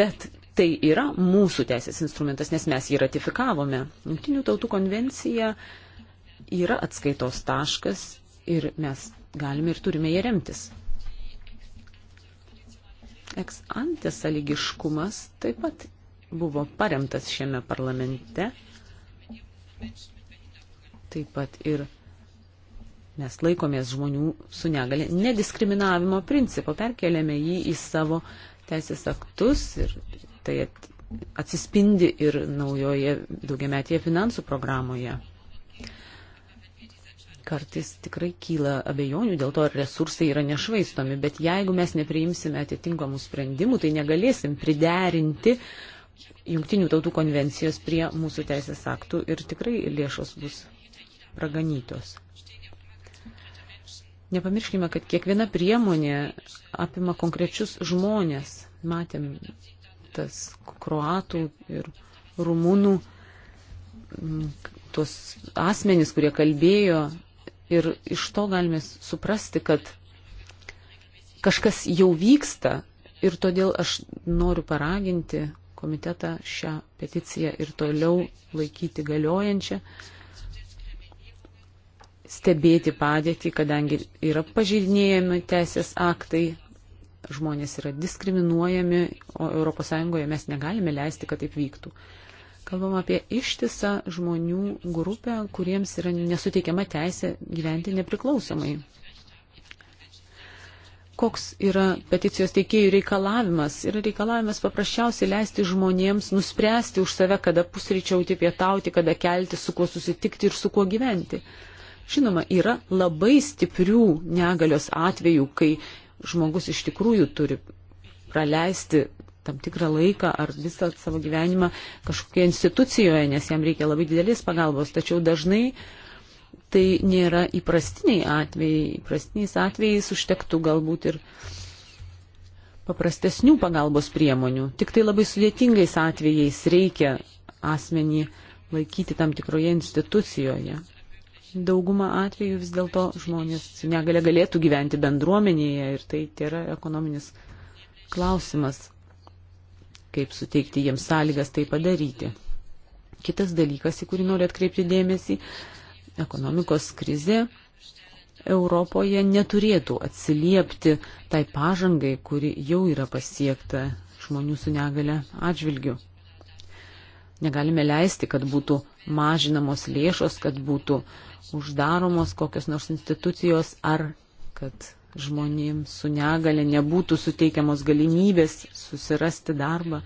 Bet tai yra mūsų teisės instrumentas, nes mes jį ratifikavome. Junktinių tautų konvencija uh, yra atskaitos taškas ir mes galime ir turime jie remtis. Eks ante sąlygiškumas taip pat buvo paremtas šiame parlamente. Taip pat ir mes laikomės žmonių su negale nediskriminavimo principo, perkeliame jį į savo teisės aktus ir tai atsispindi ir naujoje daugiametėje finansų programoje kartais tikrai kyla abejonių, dėl to ar resursai yra nešvaistomi, bet jeigu mes nepriimsime atitinkamų sprendimų, tai negalėsim priderinti jungtinių tautų konvencijos prie mūsų teisės aktų ir tikrai lėšos bus praganytos. Nepamirškime, kad kiekviena priemonė apima konkrečius žmonės. Matėm tas kroatų ir rumunų tuos asmenys, kurie kalbėjo Ir iš to galime suprasti, kad kažkas jau vyksta ir todėl aš noriu paraginti komitetą šią peticiją ir toliau laikyti galiojančią, stebėti padėtį, kadangi yra pažeidinėjami teisės aktai, žmonės yra diskriminuojami, o ES mes negalime leisti, kad taip vyktų. Kalbam apie ištisą žmonių grupę, kuriems yra nesuteikiama teisė gyventi nepriklausomai. Koks yra peticijos teikėjų reikalavimas? Yra reikalavimas paprasčiausiai leisti žmonėms nuspręsti už save, kada pusryčiauti, pietauti, kada kelti, su kuo susitikti ir su kuo gyventi. Žinoma, yra labai stiprių negalios atvejų, kai žmogus iš tikrųjų turi praleisti tam tikrą laiką ar visą savo gyvenimą kažkokioje institucijoje, nes jam reikia labai didelės pagalbos. Tačiau dažnai tai nėra įprastiniai atvejai. Įprastiniais atvejais užtektų galbūt ir paprastesnių pagalbos priemonių. Tik tai labai sudėtingais atvejais reikia asmenį laikyti tam tikroje institucijoje. Dauguma atvejų vis dėlto žmonės su negale galėtų gyventi bendruomenėje ir tai yra ekonominis klausimas kaip suteikti jiems sąlygas tai padaryti. Kitas dalykas, į kurį noriu atkreipti dėmesį, ekonomikos krizė Europoje neturėtų atsiliepti tai pažangai, kuri jau yra pasiekta žmonių su negale atžvilgiu. Negalime leisti, kad būtų mažinamos lėšos, kad būtų uždaromos kokios nors institucijos ar kad žmonėms su negale nebūtų suteikiamos galimybės susirasti darbą.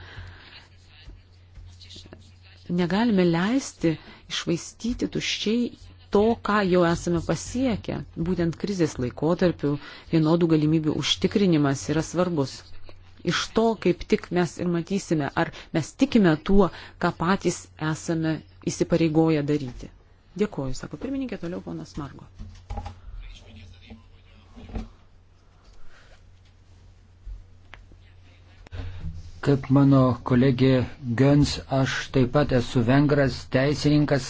Negalime leisti išvaistyti tuščiai to, ką jau esame pasiekę. Būtent krizės laikotarpiu vienodų galimybių užtikrinimas yra svarbus. Iš to, kaip tik mes ir matysime, ar mes tikime tuo, ką patys esame įsipareigoję daryti. Dėkoju, sako pirmininkė, toliau ponas Margo. Kaip mano kolegė Gens, aš taip pat esu vengras teisininkas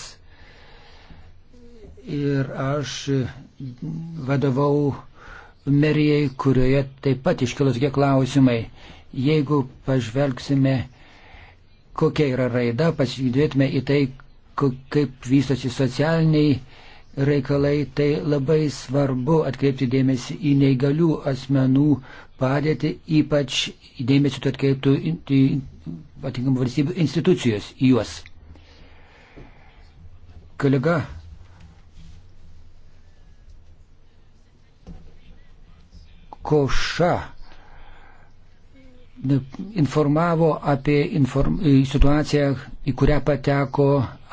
ir aš vadovau merijai, kurioje taip pat iškilus kiek klausimai. Jeigu pažvelgsime, kokia yra raida, pasižiūrėtume į tai, kaip vystosi socialiniai reikalai, tai labai svarbu atkreipti dėmesį į neįgalių asmenų padėtį, ypač dėmesį atkreiptų atitinkamų valstybių institucijos į juos. Kolega Koša informavo apie inform, situaciją, į kurią pateko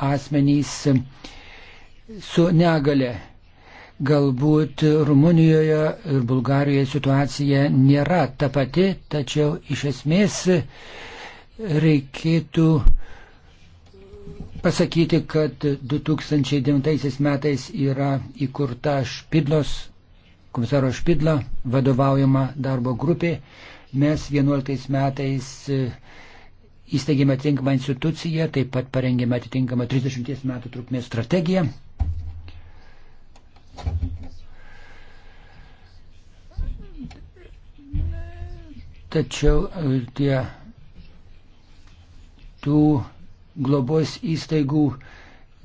asmenys su negale. Galbūt Rumunijoje ir Bulgarijoje situacija nėra ta pati, tačiau iš esmės reikėtų pasakyti, kad 2009 metais yra įkurta Špidlos, komisaro Špidla vadovaujama darbo grupė. Mes 11 metais įsteigėme atitinkamą instituciją, taip pat parengėme atitinkamą 30 metų trukmės strategiją. Tačiau e, tie tų globos įstaigų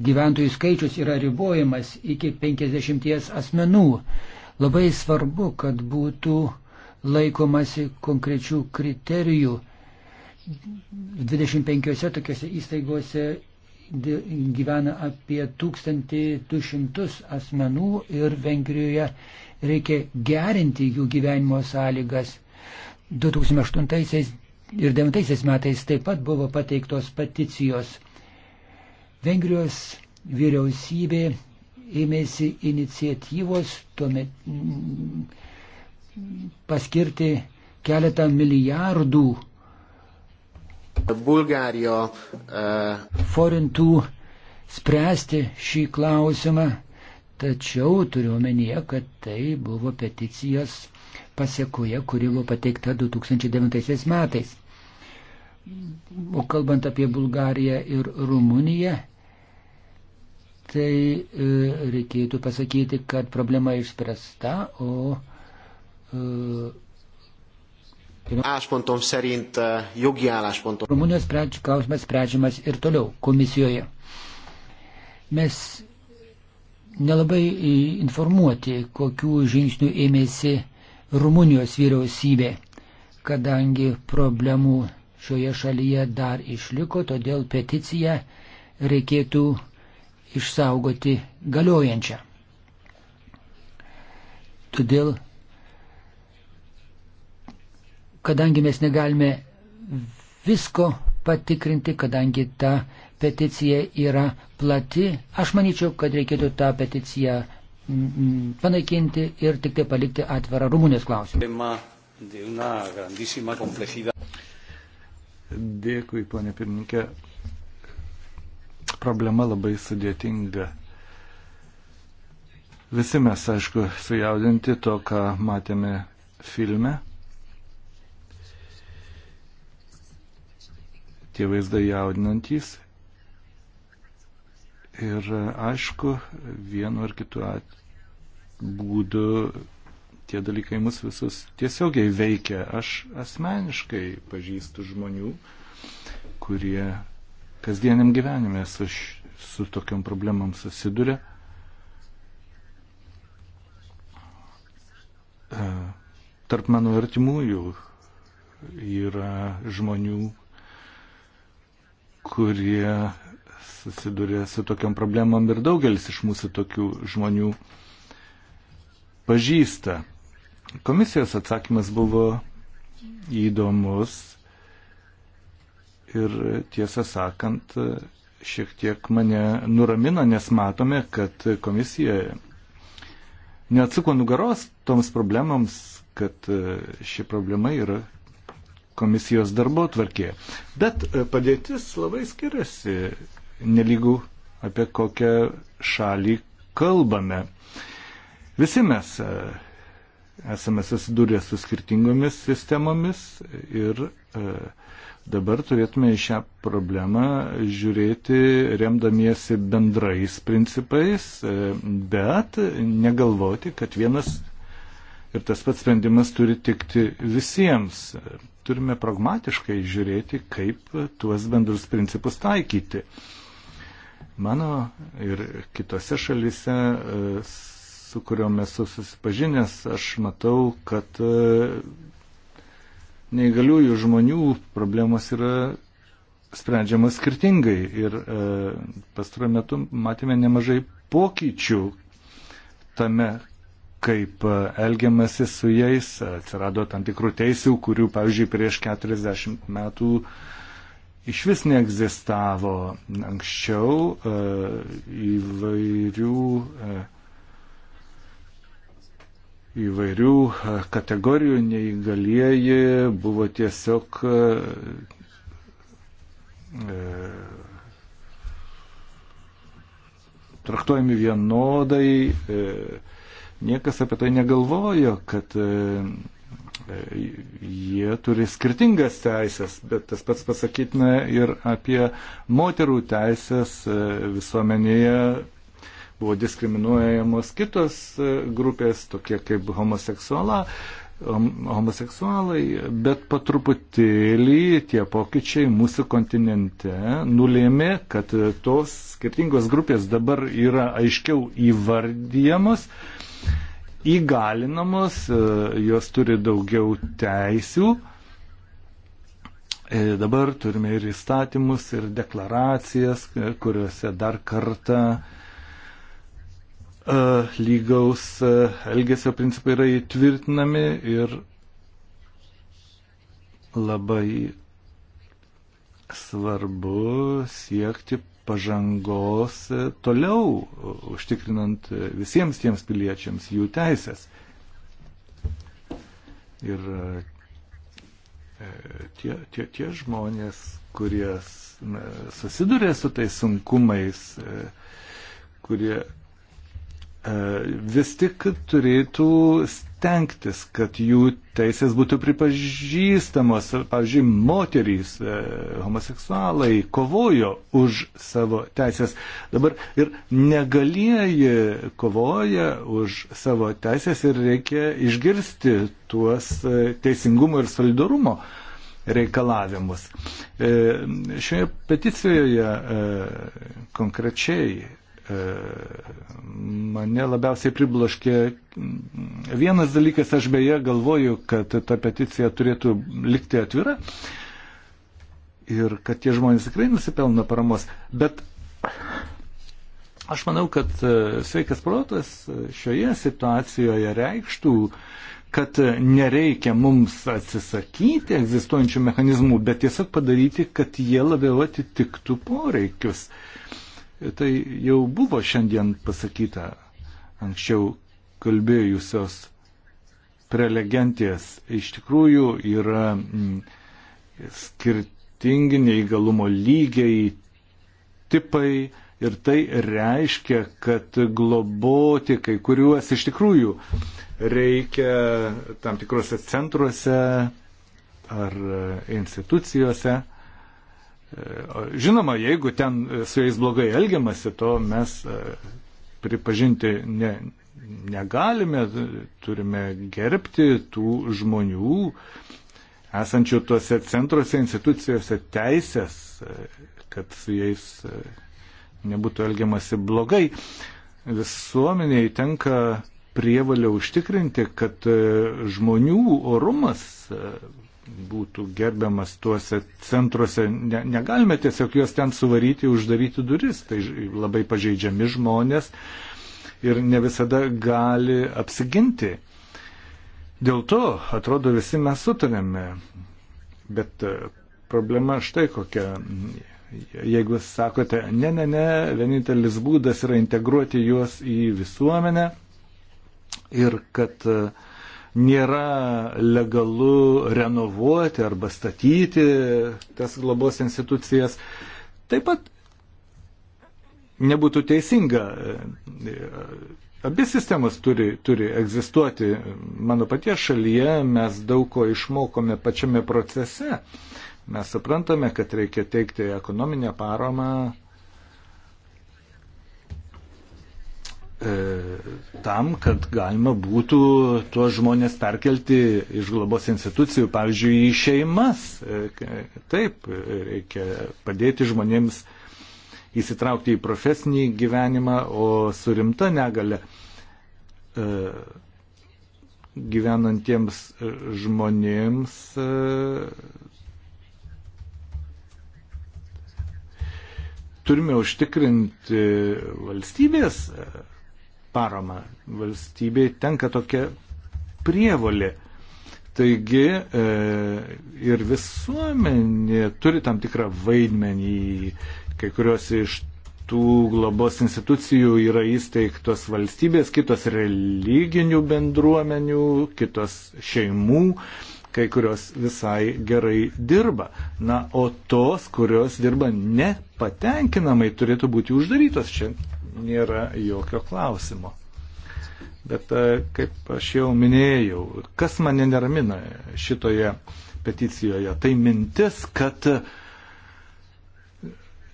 gyventojų skaičius yra ribojamas iki 50 asmenų. Labai svarbu, kad būtų laikomasi konkrečių kriterijų. 25 tokiuose įstaigose gyvena apie 1200 asmenų ir Vengrijoje reikia gerinti jų gyvenimo sąlygas. 2008 ir 2009 metais taip pat buvo pateiktos peticijos. Vengrijos vyriausybė ėmėsi iniciatyvos tuomet mm, paskirti keletą milijardų Bulgarija. Uh... E, Forintų spręsti šį klausimą, tačiau turiu omenyje, kad tai buvo peticijos pasiekoje, kuri buvo pateikta 2009 metais. O kalbant apie Bulgariją ir Rumuniją, tai e, reikėtų pasakyti, kad problema išspręsta, o e, Áspontom szerint eh, jogi álláspontom. Rumunijos klausimas sprendžiamas ir toliau komisijoje. Mes nelabai e, informuoti, kokių žingsnių ėmėsi Rumunijos vyriausybė, kadangi problemų šioje šalyje dar išliko, todėl peticiją reikėtų išsaugoti galiojančią. Todėl kadangi mes negalime visko patikrinti, kadangi ta peticija yra plati, aš manyčiau, kad reikėtų tą peticiją mm, mm, panaikinti ir tik tai palikti atvirą Rumunijos klausimą. Dėkui, ponė pirmininkė. Problema labai sudėtinga. Visi mes, aišku, sujaudinti to, ką matėme filme. tie vaizdai jaudinantys. Ir aišku, vienu ar kitu būdu tie dalykai mus visus tiesiogiai veikia. Aš asmeniškai pažįstu žmonių, kurie kasdieniam gyvenime su, su tokiam problemam susiduria. E, tarp mano artimųjų yra žmonių, kurie susiduria su tokiam problemam ir daugelis iš mūsų tokių žmonių pažįsta. Komisijos atsakymas buvo įdomus ir tiesą sakant, šiek tiek mane nuramina, nes matome, kad komisija neatsuko nugaros toms problemams, kad ši problema yra komisijos darbo tvarkė. Bet e, padėtis labai skiriasi, neligų apie kokią šalį kalbame. Visi mes e, esame susidūrę su skirtingomis sistemomis ir e, dabar turėtume į šią problemą žiūrėti remdamiesi bendrais principais, bet negalvoti, kad vienas ir tas pats sprendimas turi tikti visiems turime pragmatiškai žiūrėti, kaip tuos bendrus principus taikyti. Mano ir kitose šalise, e, su kuriuom esu susipažinęs, aš matau, kad e, neįgaliųjų žmonių problemos yra sprendžiamas skirtingai ir e, pastaruoju metu matėme nemažai pokyčių tame, kaip e, elgiamasi su jais, atsirado tam tikrų teisių, kurių, pavyzdžiui, prieš 40 metų iš vis neegzistavo. Anksčiau e, įvairių, e, įvairių kategorijų neįgalieji buvo tiesiog traktuojami vienodai, Niekas apie tai negalvojo, kad e, e, jie turi skirtingas teisės, bet tas pats pasakytina ir apie moterų teisės e, visuomenėje buvo diskriminuojamos kitos grupės, tokie kaip homoseksuala, homoseksualai, bet po truputėlį tie pokyčiai mūsų kontinente nulėmė, kad tos skirtingos grupės dabar yra aiškiau įvardyjamos įgalinamos, e, jos turi daugiau teisių. E, dabar turime ir įstatymus, ir deklaracijas, e, kuriuose dar kartą lygaus elgesio principai yra įtvirtinami ir labai svarbu siekti pažangos e, toliau, e, užtikrinant e, visiems tiems piliečiams jų teisės. Ir tie, tie, tie žmonės, kurie susiduria su tais sunkumais, kurie E, vis tik turėtų stengtis, kad jų teisės būtų pripažįstamos. Pavyzdžiui, moterys, e, homoseksualai kovojo už savo teisės. Dabar ir negalieji kovoja už savo teisės ir reikia išgirsti tuos e, teisingumo ir solidarumo reikalavimus. Šioje peticijoje konkrečiai E, mane labiausiai pribloškė vienas dalykas, aš beje galvoju, kad ta peticija turėtų likti atvira ir kad tie žmonės tikrai nusipelno paramos, bet aš manau, kad e, sveikas protas šioje situacijoje reikštų, kad nereikia mums atsisakyti egzistuojančių mechanizmų, bet tiesiog padaryti, kad jie labiau atitiktų poreikius. Uh, Tai jau buvo šiandien pasakyta anksčiau kalbėjusios prelegentės. Iš tikrųjų yra mm, skirtingi neįgalumo lygiai, tipai ir tai reiškia, kad globoti kai kuriuos iš tikrųjų reikia tam tikrose centruose ar institucijose. Žinoma, jeigu ten e, su jais blogai elgiamasi, to mes e, pripažinti ne, negalime, turime gerbti tų žmonių, esančių tuose centruose, institucijose teisės, e, kad su jais nebūtų elgiamasi blogai. Visuomeniai tenka prievalė užtikrinti, kad žmonių orumas būtų gerbiamas tuose centruose. Ne, negalime tiesiog juos ten suvaryti, uždaryti duris. Tai labai pažeidžiami žmonės ir ne visada gali apsiginti. Dėl to, atrodo, visi mes sutarėme. Bet e, problema štai kokia. Jeigu sakote, ne, ne, ne, vienintelis būdas yra integruoti juos į visuomenę ir kad uh, nėra legalu renovuoti arba statyti tas globos institucijas. Taip pat nebūtų teisinga. E, abi sistemos turi, turi egzistuoti. Mano paties šalyje mes daug ko išmokome pačiame procese. Mes suprantame, kad reikia teikti ekonominę paramą E, tam, kad galima būtų tuos žmonės perkelti iš globos institucijų, pavyzdžiui, į šeimas. E, taip, reikia padėti žmonėms įsitraukti į profesinį gyvenimą, o su rimta negale e, gyvenantiems žmonėms turime užtikrinti valstybės paramą. Valstybei tenka tokia prievolė. Taigi e, ir visuomenė turi tam tikrą vaidmenį. Kai kurios iš tų globos institucijų yra įsteigtos valstybės, kitos religinių bendruomenių, kitos šeimų kai kurios visai gerai dirba. Na, o tos, kurios dirba nepatenkinamai, turėtų būti uždarytos. Čia nėra jokio klausimo. Bet e, kaip aš jau minėjau, kas mane neramina šitoje peticijoje, tai mintis, kad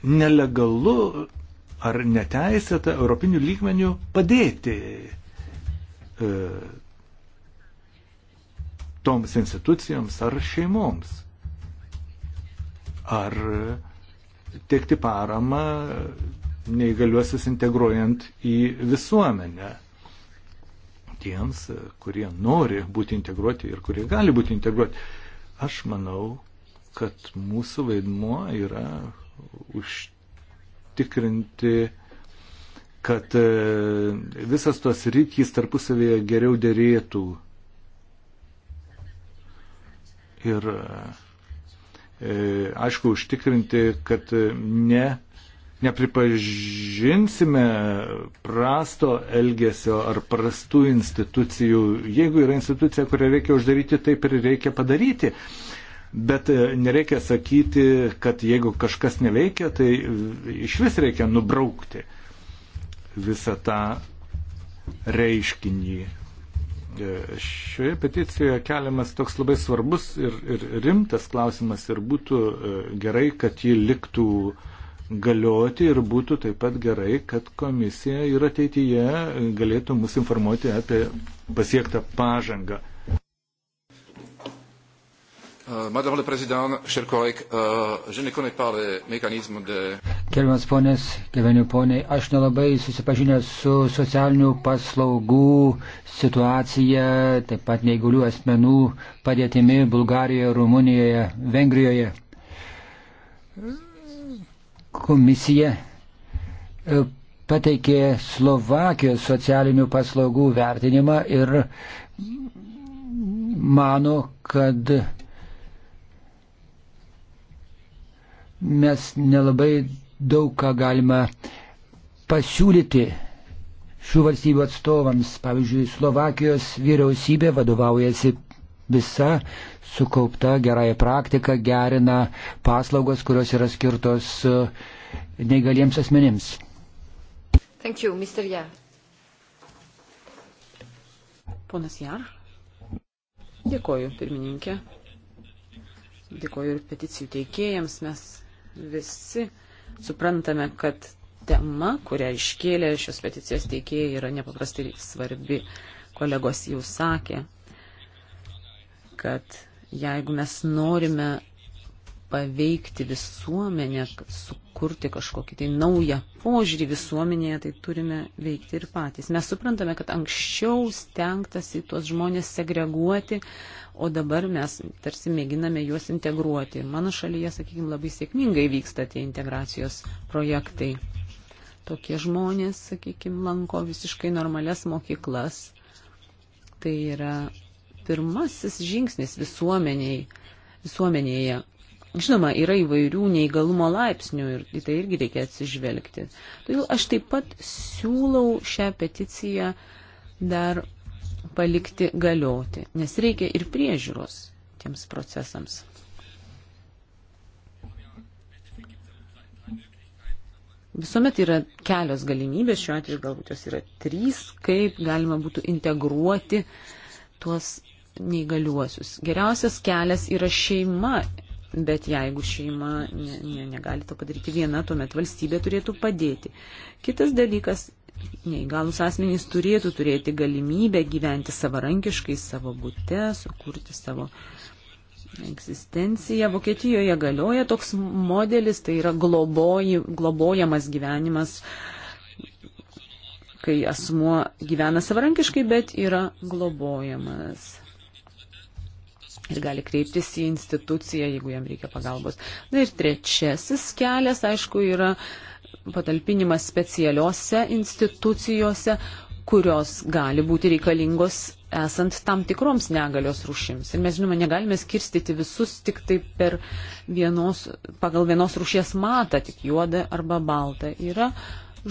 nelegalu ar neteisėta europinių lygmenių padėti e, toms institucijoms ar šeimoms. Ar teikti paramą neįgaliuosius integruojant į visuomenę. Tiems, kurie nori būti integruoti ir kurie gali būti integruoti. Aš manau, kad mūsų vaidmuo yra užtikrinti, kad e, visas tos rytys tarpusavėje geriau dėrėtų. Ir e, aišku, užtikrinti, kad e, ne nepripažinsime prasto elgesio ar prastų institucijų. Jeigu yra institucija, kurią reikia uždaryti, taip ir reikia padaryti. Bet e, nereikia sakyti, kad jeigu kažkas neveikia, tai iš vis reikia nubraukti visą tą reiškinį. E, šioje peticijoje keliamas toks labai svarbus ir, ir rimtas klausimas ir būtų e, gerai, kad ji liktų uh, galioti ir būtų taip pat gerai, kad komisija ir ateityje galėtų mus informuoti apie pasiektą pažangą. Uh, Madame la Présidente, chers collègues, uh, je ne connais pas les mécanismes de... Gerbiamas ponės, gerbiami poniai, aš nelabai susipažinęs su socialinių paslaugų situacija, taip pat neįgalių asmenų padėtimi Bulgarijoje, Rumunijoje, Vengrijoje komisija e, pateikė Slovakijos socialinių paslaugų vertinimą ir mano, kad mes nelabai daug ką galime pasiūlyti šių valstybių atstovams. Pavyzdžiui, Slovakijos vyriausybė vadovaujasi visa sukaupta gerąją praktiką gerina paslaugos, kurios yra skirtos e, neįgaliems asmenims. Thank you, Mr. Jar. Ponas Jar. Dėkoju, pirmininkė. Dėkoju ir peticijų teikėjams. Mes visi suprantame, kad tema, kurią iškėlė šios peticijos teikėjai, yra nepaprastai svarbi. Kolegos jau sakė, kad jeigu mes norime paveikti visuomenę, sukurti kažkokį tai naują požiūrį visuomenėje, tai turime veikti ir patys. Mes suprantame, kad anksčiau stengtasi tuos žmonės segreguoti, o dabar mes tarsi mėginame juos integruoti. Mano šalyje, sakykime, labai sėkmingai vyksta tie integracijos projektai. Tokie žmonės, sakykime, lanko visiškai normales mokyklas. Tai yra pirmasis žingsnis visuomeniai, visuomenėje. Žinoma, yra įvairių neįgalumo laipsnių ir į tai irgi reikia atsižvelgti. Todėl aš taip pat siūlau šią peticiją dar palikti galioti, nes reikia ir priežiūros tiems procesams. Visuomet yra kelios galimybės, šiuo atveju galbūt jos yra trys, kaip galima būtų integruoti tuos neįgaliuosius. Geriausias kelias yra šeima, bet jeigu šeima ne, ne, negali to padaryti viena, tuomet valstybė turėtų padėti. Kitas dalykas, neįgalus asmenys turėtų turėti galimybę gyventi savarankiškai savo būte, sukurti savo egzistenciją. Vokietijoje galioja toks modelis, tai yra globoji, globojamas gyvenimas kai asmuo gyvena savarankiškai, bet yra globojamas ir gali kreiptis į instituciją, jeigu jam reikia pagalbos. Na ir trečiasis kelias, aišku, yra patalpinimas specialiose institucijose, kurios gali būti reikalingos esant tam tikroms negalios rūšims. Ir mes, žinoma, negalime skirstyti visus tik tai per vienos, pagal vienos rūšies matą, tik juodą arba baltą. Yra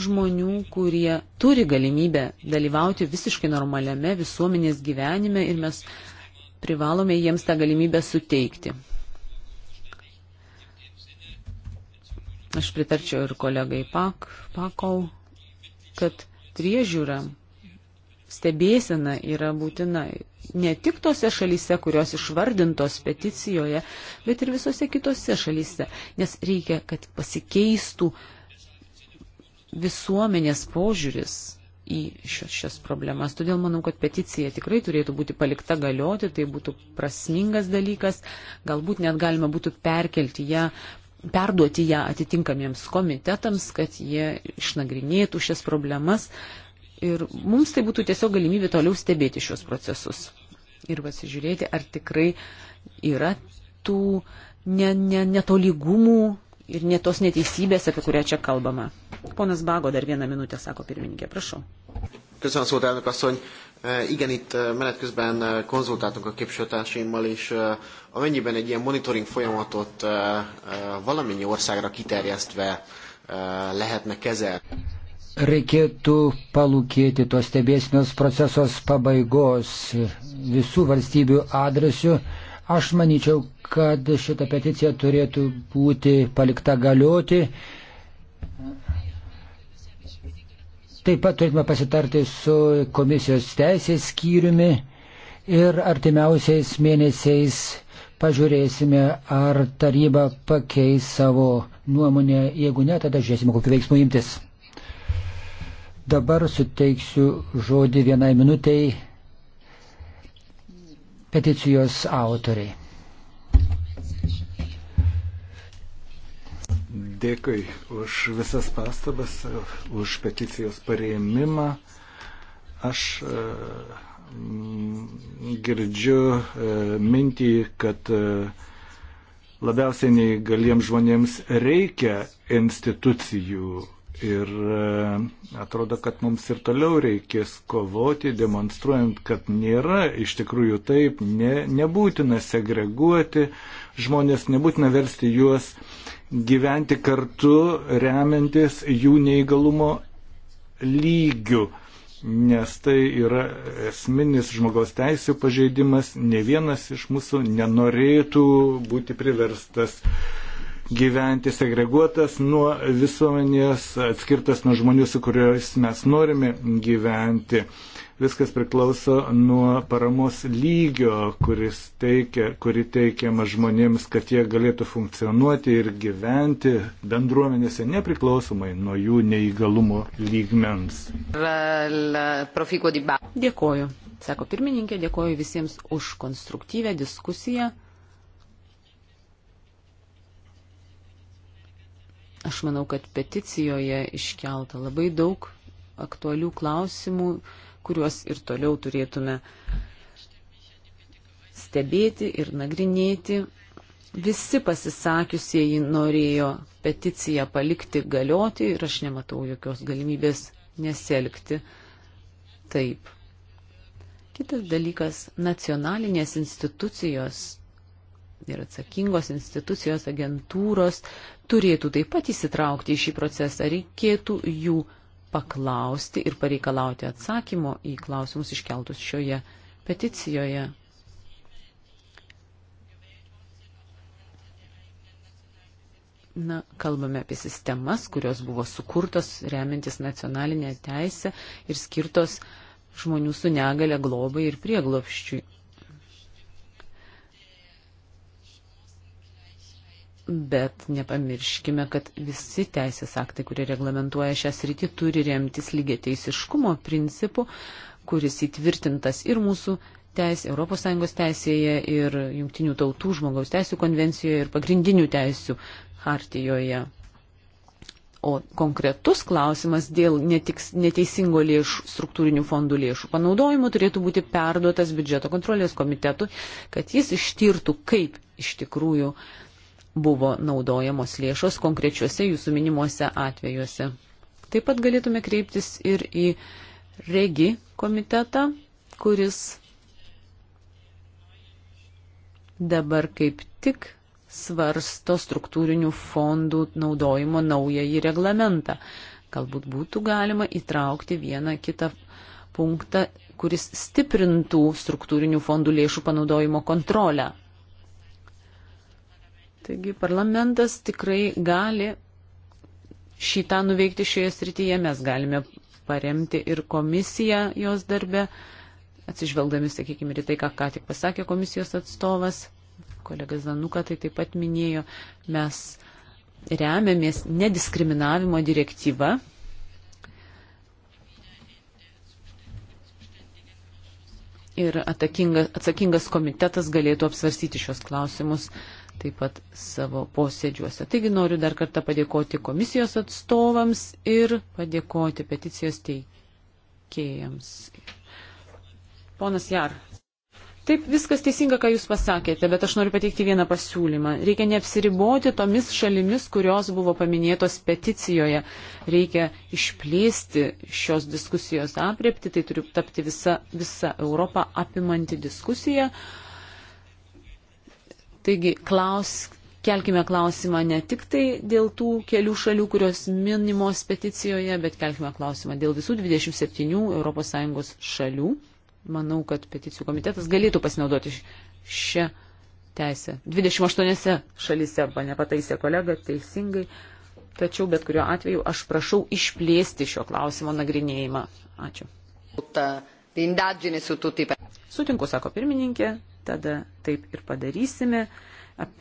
žmonių, kurie turi galimybę dalyvauti visiškai normaliame visuomenės gyvenime ir mes privalome jiems tą galimybę suteikti. Aš pritarčiau ir kolegai Pak, Pakau, kad priežiūra, stebėsena yra būtina ne tik tose šalyse, kurios išvardintos peticijoje, bet ir visose kitose šalyse, nes reikia, kad pasikeistų visuomenės požiūris į šias problemas. Todėl manau, kad peticija tikrai turėtų būti palikta galioti, tai būtų prasmingas dalykas, galbūt net galima būtų perkelti ją, perduoti ją atitinkamiems komitetams, kad jie išnagrinėtų šias problemas ir mums tai būtų tiesiog galimybė toliau stebėti šios procesus ir pasižiūrėti, ar tikrai yra tų ne, ne, netolygumų ir ne tos neteisybės, apie kurią čia kalbama. Ponas Bago dar vieną minutę, sako pirmininkė, prašau. Köszönöm a szót, elnök asszony. E, igen, itt e, menet közben e, konzultáltunk a képviselőtársaimmal, és amennyiben egy ilyen monitoring folyamatot valamennyi országra kiterjesztve lehetne kezelni. Reikėtų palūkėti tos stebėsinos procesos pabaigos visų valstybių adresių Aš manyčiau, kad šita peticija turėtų būti palikta galioti. Taip pat turėtume pasitarti su komisijos teisės skyriumi ir artimiausiais mėnesiais pažiūrėsime, ar taryba pakeis savo nuomonę. Jeigu ne, tada žiūrėsime, kokiu veiksmu imtis. Dabar suteiksiu žodį vienai minutiai peticijos autoriai. Dėkui už visas pastabas, už peticijos pareimimą. Aš e, girdžiu e, mintį, kad e, labiausiai neįgaliems žmonėms reikia institucijų Ir e, atrodo, kad mums ir toliau reikės kovoti, demonstruojant, kad nėra iš tikrųjų taip, ne, nebūtina segreguoti žmonės, nebūtina versti juos gyventi kartu, remiantis jų neįgalumo lygių nes tai yra esminis žmogaus teisų pažeidimas, ne vienas iš mūsų nenorėtų būti priverstas gyventi segreguotas nuo visuomenės, atskirtas nuo žmonių, su kuriais mes norime gyventi. Viskas priklauso nuo paramos lygio, teikia, kuri teikiama žmonėms, kad jie galėtų funkcionuoti ir gyventi bendruomenėse nepriklausomai nuo jų neįgalumo lygmens. Dėkoju, sako pirmininkė, dėkoju visiems už konstruktyvę diskusiją. Aš manau, kad peticijoje iškelta labai daug aktualių klausimų, kuriuos ir toliau turėtume stebėti ir nagrinėti. Visi pasisakiusieji norėjo peticiją palikti galioti ir aš nematau jokios galimybės nesielgti taip. Kitas dalykas - nacionalinės institucijos ir atsakingos institucijos, agentūros turėtų taip pat įsitraukti į šį procesą, reikėtų jų paklausti ir pareikalauti atsakymo į klausimus iškeltus šioje peticijoje. Na, kalbame apie sistemas, kurios buvo sukurtos remiantis nacionalinę teisę ir skirtos žmonių su negale globai ir prieglopščiui. bet nepamirškime, kad visi teisės aktai, kurie reglamentuoja šią sritį, turi remtis lygiai teisiškumo principu, kuris įtvirtintas ir mūsų teis, ES teisėje, ir Junktinių tautų žmogaus teisų konvencijoje, ir pagrindinių teisų hartijoje. O konkretus klausimas dėl netiks, neteisingo lėšų, struktūrinių fondų lėšų panaudojimo turėtų būti perduotas biudžeto kontrolės komitetui, kad jis ištirtų, kaip iš tikrųjų uh, buvo naudojamos lėšos konkrečiuose jūsų minimuose atvejuose. Taip pat galėtume kreiptis ir į regi komitetą, kuris dabar kaip tik svarsto struktūrinių fondų naudojimo naująjį reglamentą. Galbūt būtų galima įtraukti vieną kitą punktą, kuris stiprintų struktūrinių fondų lėšų panaudojimo kontrolę. Taigi parlamentas tikrai gali šitą nuveikti šioje srityje. Mes galime paremti ir komisiją jos darbe, atsižvelgdami, sakykime, ir tai, ką ką tik pasakė komisijos atstovas, kolega Zanuka tai taip pat minėjo. Mes remiamės nediskriminavimo direktyva. Ir atsakingas komitetas galėtų apsvarstyti šios klausimus taip pat savo posėdžiuose. Taigi noriu dar kartą padėkoti komisijos atstovams ir padėkoti peticijos teikėjams. Ponas Jar. Taip, viskas teisinga, ką Jūs pasakėte, bet aš noriu pateikti vieną pasiūlymą. Reikia neapsiriboti tomis šalimis, kurios buvo paminėtos peticijoje. Reikia išplėsti šios diskusijos apriepti, tai turi tapti visa, visa Europa apimanti diskusija. Uh, Taigi, klaus, kelkime klausimą ne tik tai dėl tų kelių šalių, kurios minimos peticijoje, bet kelkime klausimą dėl visų 27 ES šalių. Manau, kad peticijų komitetas galėtų pasinaudoti šią teisę. 28 šalyse, arba nepataisė kolega, teisingai. Tačiau bet kuriuo atveju aš prašau išplėsti šio klausimo nagrinėjimą. Ačiū. Sutinku, sako pirmininkė, tada taip ir padarysime. Ap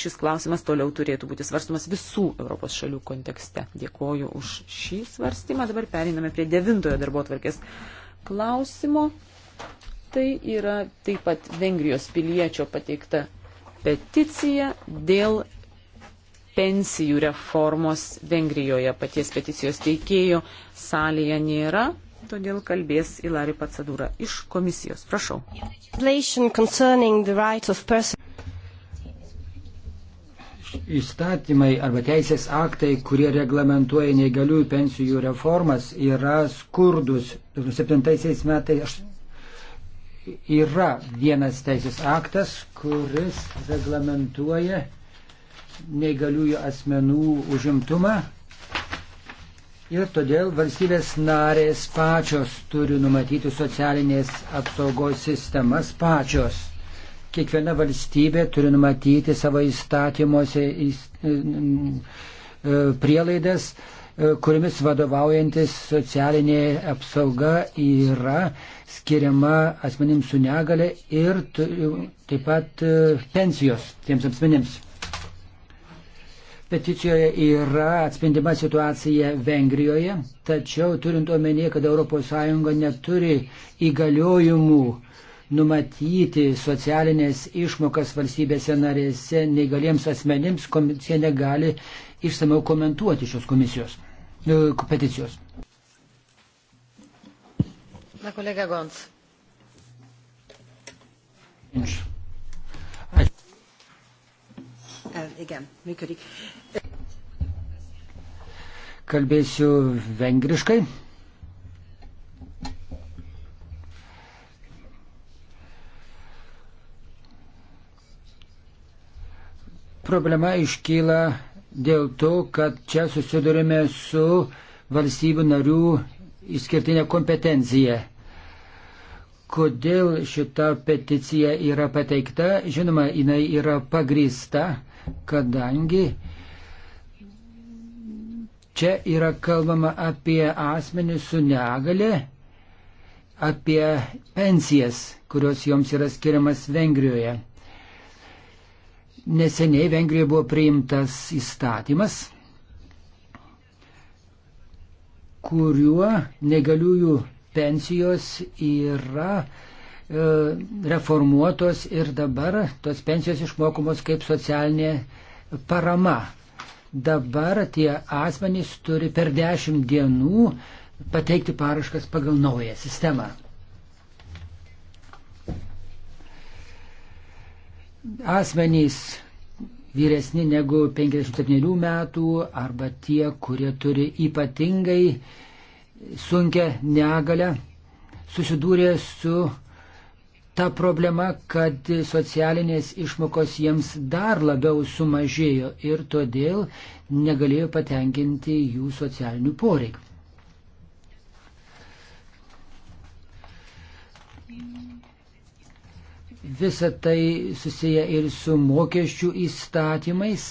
šis klausimas toliau turėtų būti svarstumas visų Europos šalių kontekste. Dėkoju už šį svarstymą. Dabar pereiname prie devintojo darbo tvarkės klausimo. Tai yra taip pat Vengrijos piliečio pateikta peticija dėl pensijų reformos Vengrijoje. Paties peticijos teikėjo salėje nėra. Todėl kalbės Ilari Patsadūra iš komisijos. Prašau. Įstatymai arba teisės aktai, kurie reglamentuoja neįgaliųjų pensijų reformas, yra skurdus. 2007 metais yra vienas teisės aktas, kuris reglamentuoja neįgaliųjų asmenų užimtumą Ir todėl valstybės narės pačios turi numatyti socialinės apsaugos sistemas pačios. Kiekviena valstybė turi numatyti savo įstatymuose prielaidas, e, kuriamis vadovaujantis socialinė apsauga yra skiriama asmenims su negale ir taip pat e, pensijos tiems asmenims. Peticijoje yra atspindima situacija Vengrijoje, tačiau turint omenyje, kad ES neturi įgaliojimų numatyti socialinės išmokas valstybėse narėse neįgaliems asmenims, komisija negali išsameu komentuoti šios komisijos e, peticijos. Na, kolega Gons. Inš. Eh, igen, működik. Kalbėsiu vengriškai. Problema iškyla dėl to, kad čia susidurime su valstybių narių išskirtinė kompetencija. Kodėl šita peticija yra pateikta? Žinoma, jinai yra pagrįsta kadangi čia yra kalbama apie asmenį su negale, apie pensijas, kurios joms yra skiriamas Vengrijoje. Neseniai Vengrijoje buvo priimtas įstatymas, kuriuo negaliųjų pensijos yra uh, E, reformuotos ir dabar tos pensijos išmokomos kaip socialinė parama. Dabar tie asmenys turi per dešimt dienų pateikti paraškas pagal naują sistemą. Asmenys vyresni negu 57 metų arba tie, kurie turi ypatingai sunkę negalę, susidūrė su ta problema, kad socialinės išmokos jiems dar labiau sumažėjo ir todėl negalėjo patenkinti jų socialinių poreikių. Visa tai susiję ir su mokesčių įstatymais.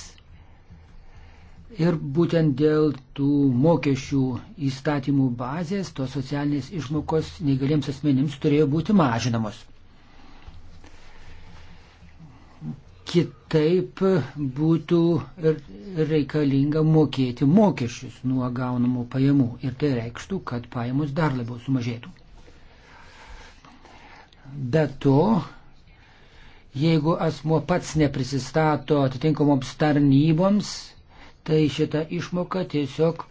Ir būtent dėl tų mokesčių įstatymų bazės tos socialinės išmokos neįgaliems asmenims turėjo būti mažinamos. kitaip būtų reikalinga mokėti mokesčius nuo gaunamų pajamų ir tai reikštų, kad pajamos dar labiau sumažėtų. Be to, jeigu asmuo pats neprisistato atitinkamoms tarnyboms, tai šita išmoka tiesiog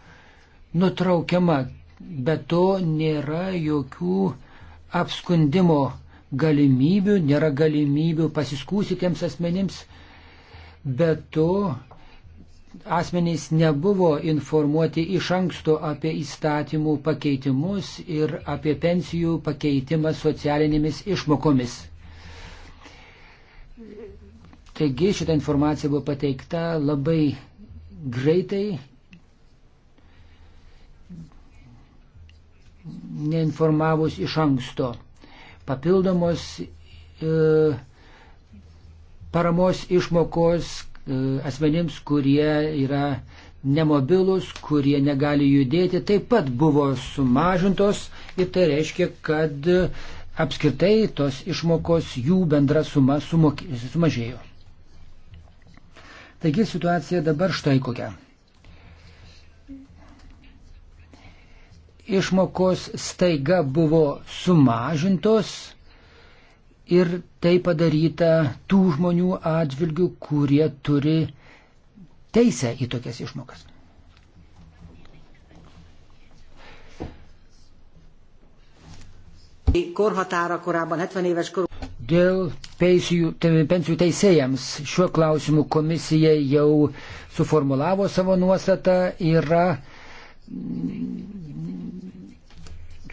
nutraukiama. Be to nėra jokių apskundimo galimybių, nėra galimybių pasiskūsitiems asmenims, bet to asmenys nebuvo informuoti iš anksto apie įstatymų pakeitimus ir apie pensijų pakeitimą socialinėmis išmokomis. Taigi šita informacija buvo pateikta labai greitai, neinformavus iš anksto papildomos e, paramos išmokos e, asmenims, kurie yra nemobilus, kurie negali judėti, taip pat buvo sumažintos ir tai reiškia, kad apskritai tos išmokos jų bendra suma sumokė, sumažėjo. Taigi situacija dabar štai kokia. išmokos staiga buvo sumažintos ir tai padaryta tų žmonių atžvilgių, kurie turi teisę į tokias išmokas. korhatára korábban 70 éves kor. Dėl pensijų, pensijų teisėjams šiuo klausimu komisija jau suformulavo savo nuostatą, yra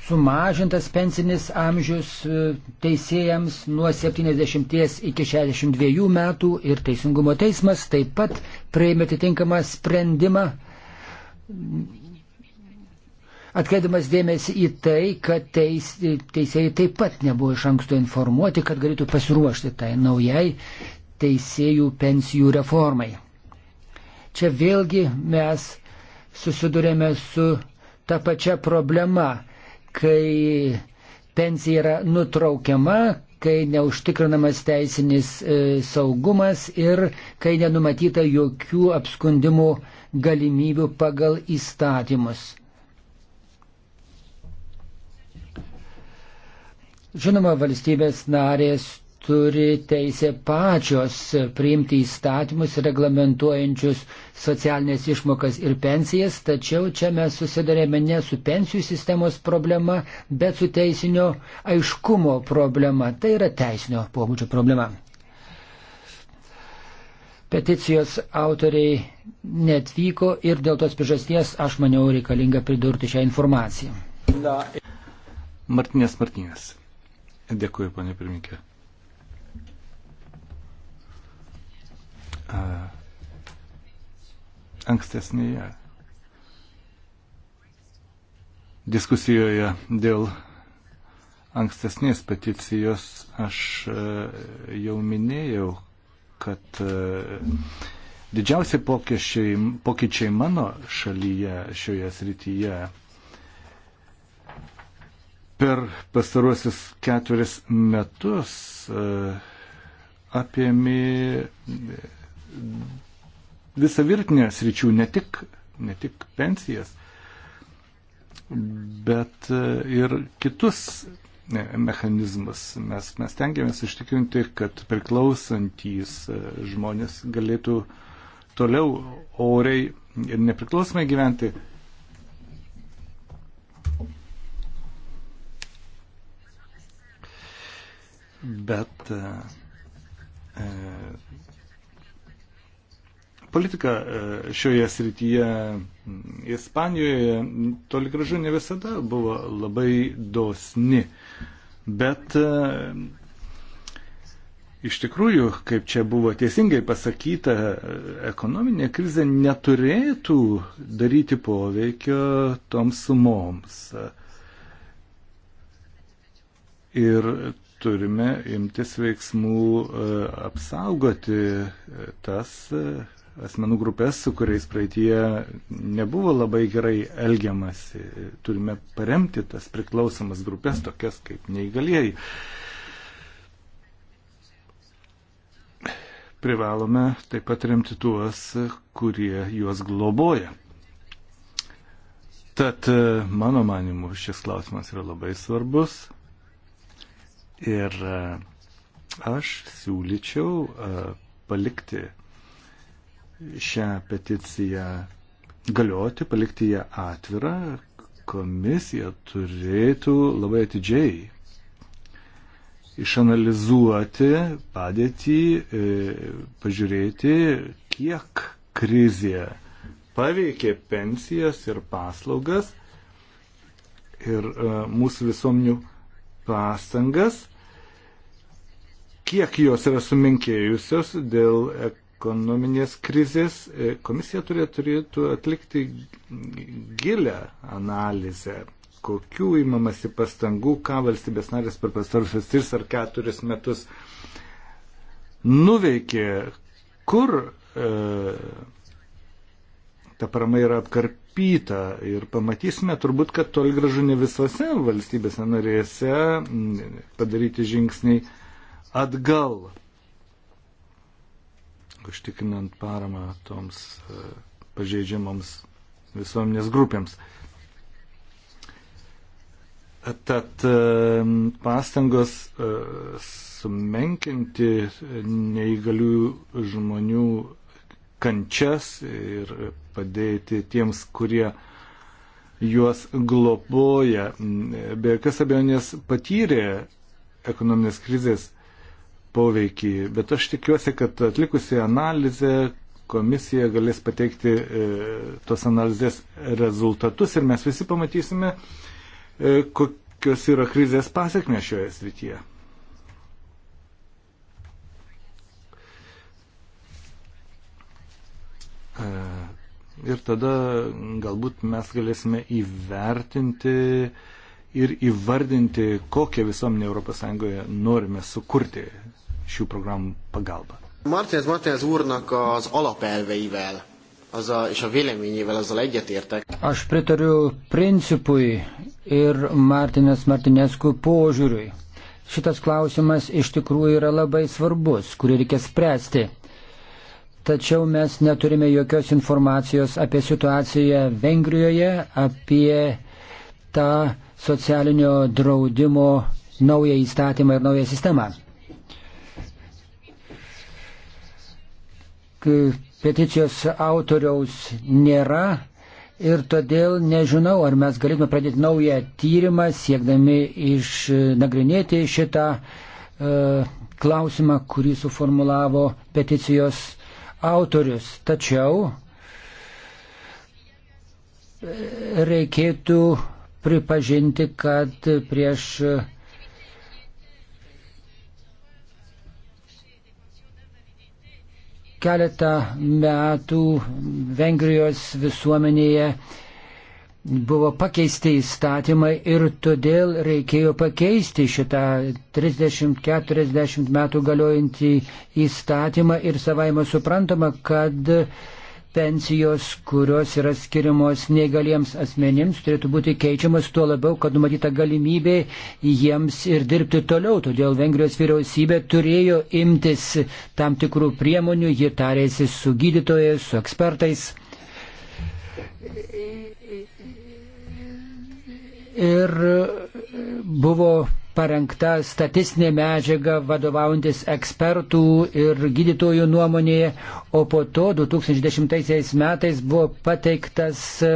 sumažintas pensinis amžius e, teisėjams nuo 70 iki 62 metų ir Teisingumo teismas taip pat prieimė atitinkamą sprendimą, atkreidamas dėmesį į tai, kad teis, teisėjai taip pat nebuvo iš anksto informuoti, kad galėtų pasiruošti tai naujai teisėjų pensijų reformai. Čia vėlgi mes susidurėme su ta pačia problema kai pensija yra nutraukiama, kai neužtikrinamas teisinis e, saugumas ir kai nenumatyta jokių apskundimų galimybių pagal įstatymus. Žinoma, valstybės narės turi teisę pačios priimti įstatymus reglamentuojančius socialinės išmokas ir pensijas, tačiau čia mes susidarėme ne su pensijų sistemos problema, bet su teisinio aiškumo problema. Tai yra teisinio pobūdžio problema. Peticijos autoriai netvyko ir dėl tos priežasties aš maniau reikalinga pridurti šią informaciją. Martinės Martinės. Dėkuoju, ponė pirmininkė. ankstesnėje diskusijoje dėl ankstesnės peticijos aš e, jau minėjau, kad e, didžiausi pokyčiai, pokyčiai mano šalyje šioje srityje per pastaruosius ketveris metus e, apėmė visą virtinę sričių, ne tik, ne tik pensijas, bet e, ir kitus e, mechanizmus. Mes, mes tengiamės ištikrinti, kad priklausantys e, žmonės galėtų toliau oriai ir nepriklausomai gyventi. Bet e, politika e, šioje srityje Ispanijoje toli gražu ne visada buvo labai dosni. Bet e, iš tikrųjų, kaip čia buvo teisingai pasakyta, e, ekonominė krizė neturėtų daryti poveikio toms sumoms. Ir turime imtis veiksmų apsaugoti tas asmenų grupės, su kuriais praeitie nebuvo labai gerai elgiamasi. Turime paremti tas priklausomas grupės, tokias kaip neįgalieji. Privalome taip pat remti tuos, kurie juos globoja. Tad mano manimu šis klausimas yra labai svarbus. Ir e, aš siūlyčiau e, palikti šią peticiją galioti, palikti ją atvirą, komisija turėtų labai atidžiai išanalizuoti padėtį, e, pažiūrėti, kiek krizė paveikė pensijas ir paslaugas ir e, mūsų visuomenių pastangas, kiek jos yra sumenkėjusios dėl ek ekonominės krizės, e, komisija turėtų atlikti gilę analizę, kokių įmamasi pastangų, ką valstybės narės per pastarusius 3 ar 4 metus nuveikė, kur e, ta parama yra apkarpyta ir pamatysime turbūt, kad toli gražu ne visose valstybėse narėse padaryti žingsniai atgal užtikrinant paramą toms e, pažeidžiamoms visuomenės grupėms. Tad e, pastangos e, sumenkinti neįgalių žmonių kančias ir padėti tiems, kurie juos globoja, be jokios abejonės patyrė ekonominės krizės poveikį, bet aš tikiuosi, kad atlikusi analizę komisija galės pateikti e, tos analizės rezultatus ir mes visi pamatysime, e, kokios yra krizės pasiekmes šioje srityje. E, ir tada galbūt mes galėsime įvertinti ir įvardinti, kokią visuomenę ES norime sukurti šių programų pagalba. Martinez Martinez úrnak az alapelveivel az a, és a véleményével azzal egyetértek. Aš pritariu principui ir Martinės Martineskų požiūriui. Šitas klausimas iš tikrųjų yra labai svarbus, kurį reikia spręsti. Tačiau mes neturime jokios informacijos apie situaciją Vengrijoje, apie tą socialinio draudimo naują įstatymą ir naują sistemą. peticijos autoriaus nėra ir todėl nežinau, ar mes galėtume pradėti naują tyrimą, siekdami išnagrinėti šitą uh, klausimą, kurį suformulavo peticijos autorius. Tačiau e, reikėtų pripažinti, kad prieš uh, keletą metų Vengrijos visuomenėje buvo pakeisti įstatymai ir todėl reikėjo pakeisti šitą 30-40 metų galiojantį įstatymą ir savaime suprantama, kad pensijos, kurios yra skiriamos neįgaliems asmenims, turėtų būti keičiamas, tuo labiau, kad numatyta galimybė jiems ir dirbti toliau. Todėl Vengrijos vyriausybė turėjo imtis tam tikrų priemonių, ji tarėsi su gydytojais, su ekspertais. Ir buvo parengta statistinė medžiaga vadovaujantis ekspertų ir gydytojų nuomonėje, o po to 2010 metais buvo pateiktas e,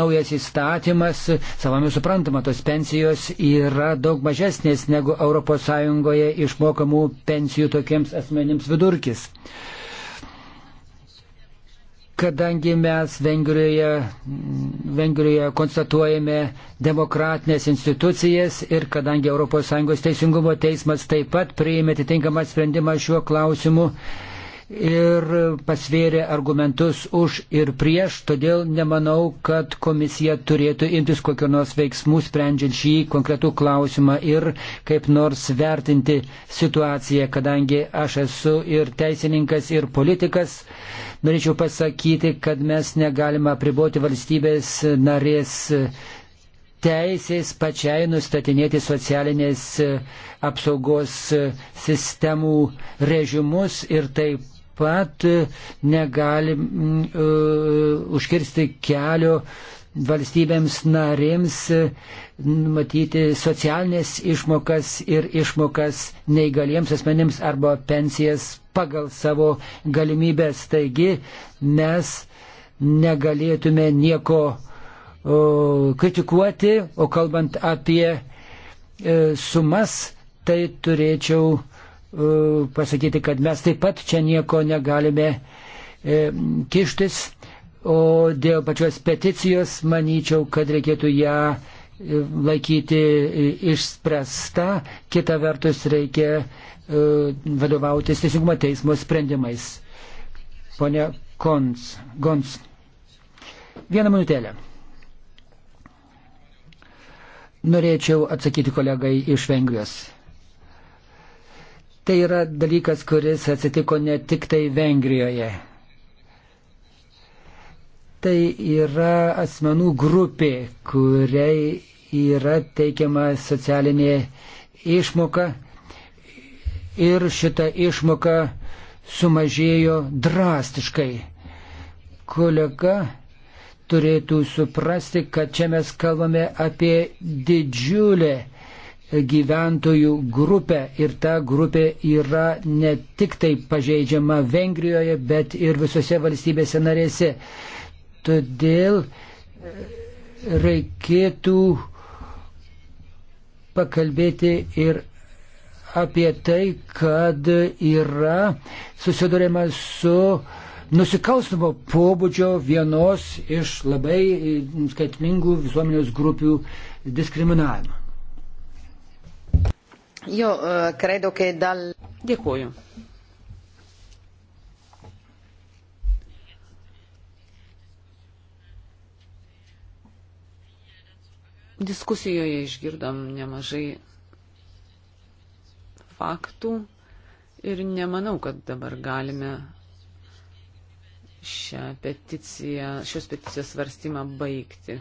naujas įstatymas. Savame suprantama, tos pensijos yra daug mažesnės negu ES išmokamų pensijų tokiems asmenims vidurkis. Kadangi mes Vengrijoje, Vengrijoje konstatuojame demokratinės institucijas ir kadangi ES teisingumo teismas taip pat priėmė atitinkamą sprendimą šiuo klausimu ir pasvėrė argumentus už ir prieš, todėl nemanau, kad komisija turėtų imtis kokio nors veiksmų sprendžiant šį konkretų klausimą ir kaip nors vertinti situaciją, kadangi aš esu ir teisininkas, ir politikas. Uh, Norėčiau pasakyti, kad mes negalime apriboti valstybės narės teisės pačiai nustatinėti socialinės apsaugos sistemų režimus ir taip pat negalim uh, užkirsti kelio uh, valstybėms narėms e, matyti socialinės išmokas ir išmokas neįgaliems asmenims arba pensijas pagal savo galimybės. Taigi mes negalėtume nieko o, kritikuoti, o kalbant apie e, sumas, tai turėčiau e, pasakyti, kad mes taip pat čia nieko negalime e, kištis O dėl pačios peticijos manyčiau, kad reikėtų ją e, laikyti e, išspręsta, kita vertus reikia e, vadovautis teisingumo teismo sprendimais. Pone Kons, Gons. Vieną minutėlę. Norėčiau atsakyti kolegai iš Vengrijos. Tai yra dalykas, kuris atsitiko ne tik tai Vengrijoje tai yra asmenų grupė, kuriai yra teikiama socialinė išmoka ir šita išmoka sumažėjo drastiškai. Kolega turėtų suprasti, kad čia mes kalbame apie didžiulę gyventojų grupę ir ta grupė yra ne tik tai pažeidžiama Vengrijoje, bet ir visose valstybėse narėse. Todėl reikėtų pakalbėti ir apie tai, kad yra susidurima su nusikalstamo pobūdžio vienos iš labai skaitlingų visuomenės grupių diskriminavimą. Jo, eh, credo, che dal... Dėkuoju. Diskusijoje išgirdom nemažai faktų ir nemanau, kad dabar galime šią peticiją, šios peticijos svarstymą baigti.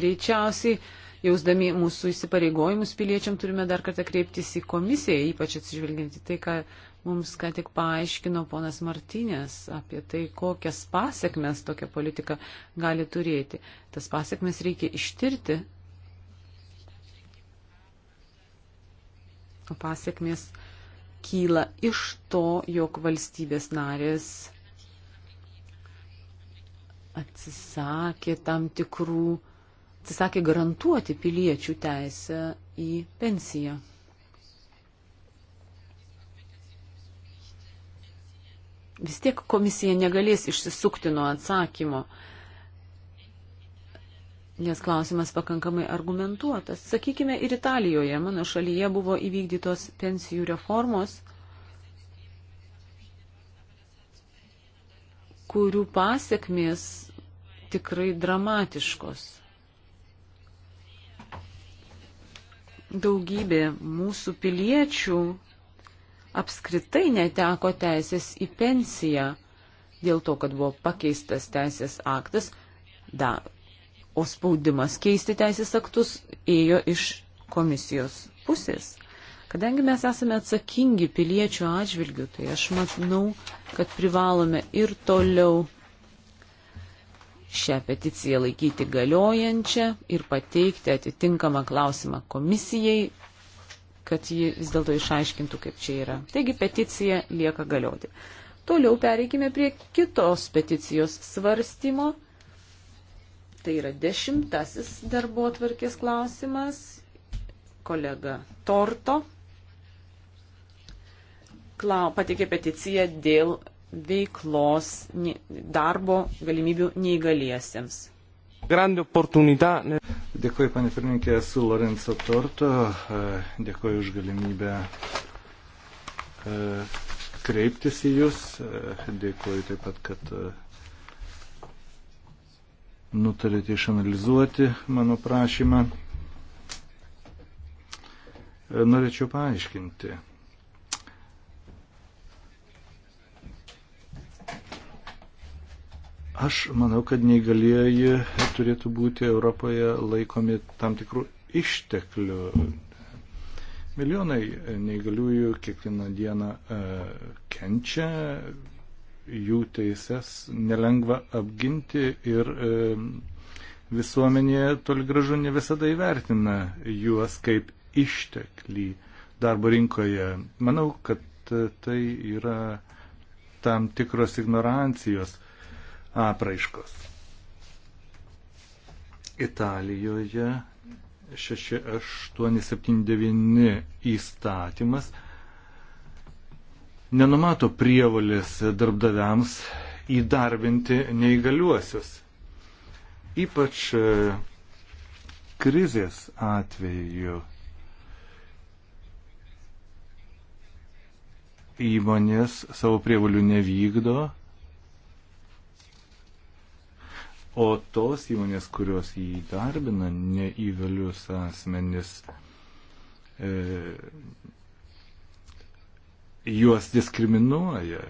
Greičiausiai, jausdami mūsų įsipareigojimus piliečiam, turime dar kartą kreiptis į komisiją, ypač atsižvelginti tai, ką mums ką tik paaiškino ponas Martinės apie tai, kokias pasiekmes tokia politika gali turėti. Tas pasiekmes reikia ištirti pasiekmės kyla iš to, jog valstybės narės atsisakė tam tikrų, atsisakė garantuoti piliečių teisę į pensiją. Vis tiek komisija negalės išsisukti nuo atsakymo, nes klausimas pakankamai argumentuotas. Sakykime, ir Italijoje, mano šalyje, buvo įvykdytos pensijų reformos, kurių pasiekmės tikrai dramatiškos. Daugybė mūsų piliečių apskritai neteko teisės į pensiją dėl to, kad buvo pakeistas teisės aktas, da, o spaudimas keisti teisės aktus ėjo iš komisijos pusės. Kadangi mes esame atsakingi piliečių atžvilgių, tai aš manau, kad privalome ir toliau šią peticiją laikyti galiojančią ir pateikti atitinkamą klausimą komisijai, kad ji vis dėlto išaiškintų, kaip čia yra. Taigi peticija lieka galioti. Toliau pereikime prie kitos peticijos svarstymo. Tai yra dešimtasis darbo atvarkės klausimas. Kolega Torto klau, patikė peticiją dėl veiklos darbo galimybių neįgaliesiems. Dėkuoju, panė pirmininkė, esu Lorenzo Torto, e, dėkuoju už galimybę e, kreiptis į Jūs, e, dėkuoju taip pat, kad nutarėte išanalizuoti mano prašymą. E, norėčiau paaiškinti. Aš manau, kad neįgalieji turėtų būti Europoje laikomi tam tikrų išteklių. Milijonai neįgaliųjų kiekvieną dieną e, kenčia, jų teises nelengva apginti ir e, visuomenėje toli gražu ne visada įvertina juos kaip išteklį darbo rinkoje. Manau, kad e, tai yra tam tikros ignorancijos apraiškos. Italijoje 6879 įstatymas nenumato prievalės darbdaviams įdarbinti neįgaliuosius. Ypač e, krizės atveju įmonės savo prievalių nevykdo, o tos įmonės, kurios įdarbina neįgalius asmenis, e, juos diskriminuoja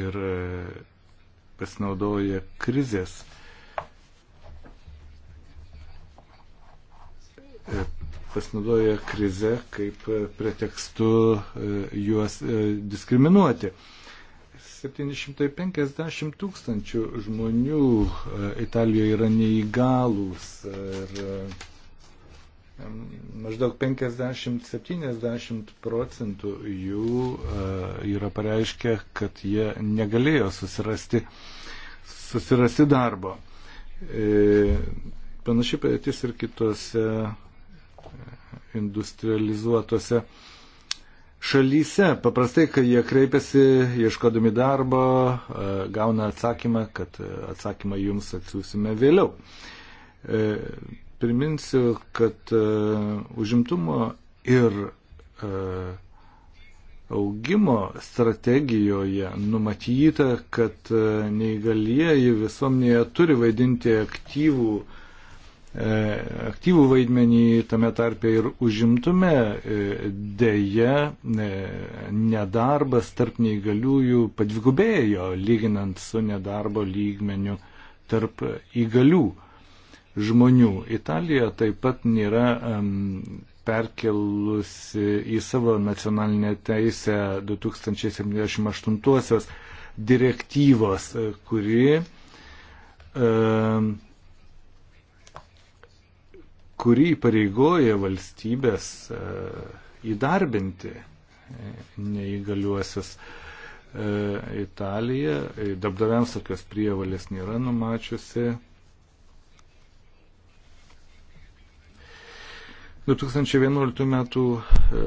ir e, pasinaudoja krizės e, pasinaudoja krize kaip pretekstu e, juos diskriminuoti. 750 tūkstančių žmonių Italijoje yra neįgalūs ir Maždaug 50-70 procentų jų e, yra pareiškę, kad jie negalėjo susirasti, susirasti darbo. E, Panašiai padėtis ir kitose e, industrializuotose šalyse. Paprastai, kai jie kreipiasi ieškodami darbo, gauna atsakymą, kad atsakymą jums atsiūsime vėliau. Priminsiu, kad e, užimtumo ir e, augimo strategijoje numatyta, kad e, neįgalieji visuomenėje turi vaidinti aktyvų, aktyvų vaidmenį tame tarpe ir užimtume. Deja, nedarbas tarp neįgaliųjų padvigubėjo lyginant su nedarbo lygmeniu tarp įgalių žmonių. Italija taip pat nėra um, perkelusi į savo nacionalinę teisę 2078 direktyvos, e, kuri, um, kuri pareigoja valstybės uh, įdarbinti e, neįgaliuosius. Italija darbdaviams tokios prievalės nėra numačiusi. 2011 metų e,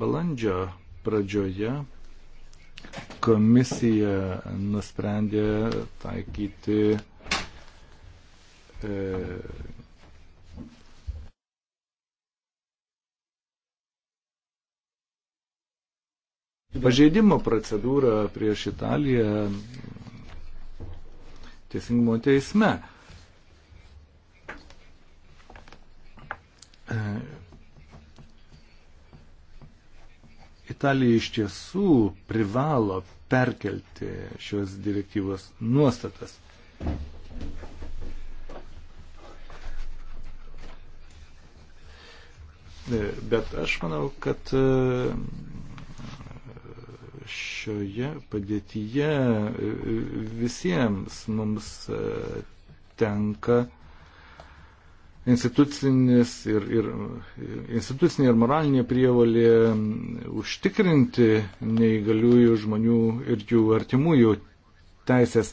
balandžio pradžioje komisija nusprendė taikyti e, pažeidimo procedūrą prieš Italiją teisingumo teisme. E, E, Italija iš tiesų privalo perkelti šios direktyvos nuostatas. E, bet aš manau, kad e, šioje padėtyje visiems mums tenka institucinis ir, ir, institucinė ir moralinė prievalė užtikrinti neįgaliųjų žmonių ir jų artimųjų teisės.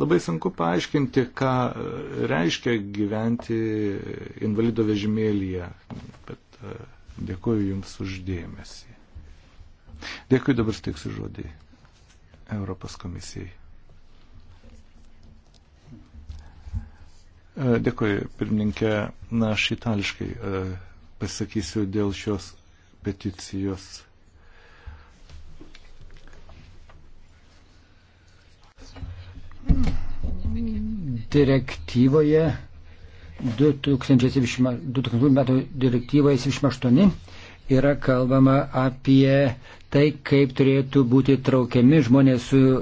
Labai sunku paaiškinti, ką reiškia gyventi invalido vežimėlyje, bet e, dėkuoju Jums uždėmesį. Dėkui dabar stiksiu žodį Europos komisijai. E, dėkui, pirmininkė, na, aš itališkai e, pasakysiu dėl šios peticijos. Direktyvoje 2000 metų direktyvoje 78 yra kalbama apie tai, kaip turėtų būti traukiami žmonės su e,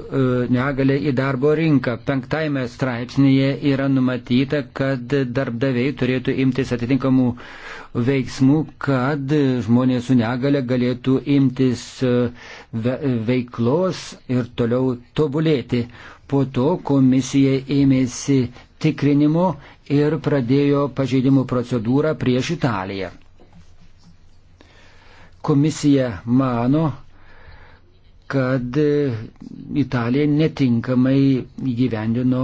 negale į darbo rinką. Penktajame straipsnėje yra numatyta, kad darbdaviai turėtų imtis atitinkamų veiksmų, kad žmonės su negale galėtų imtis e, veiklos ir toliau tobulėti. Po to komisija ėmėsi tikrinimo ir pradėjo pažeidimų procedūrą prieš Italiją. Komisija mano, kad Italija netinkamai gyvendino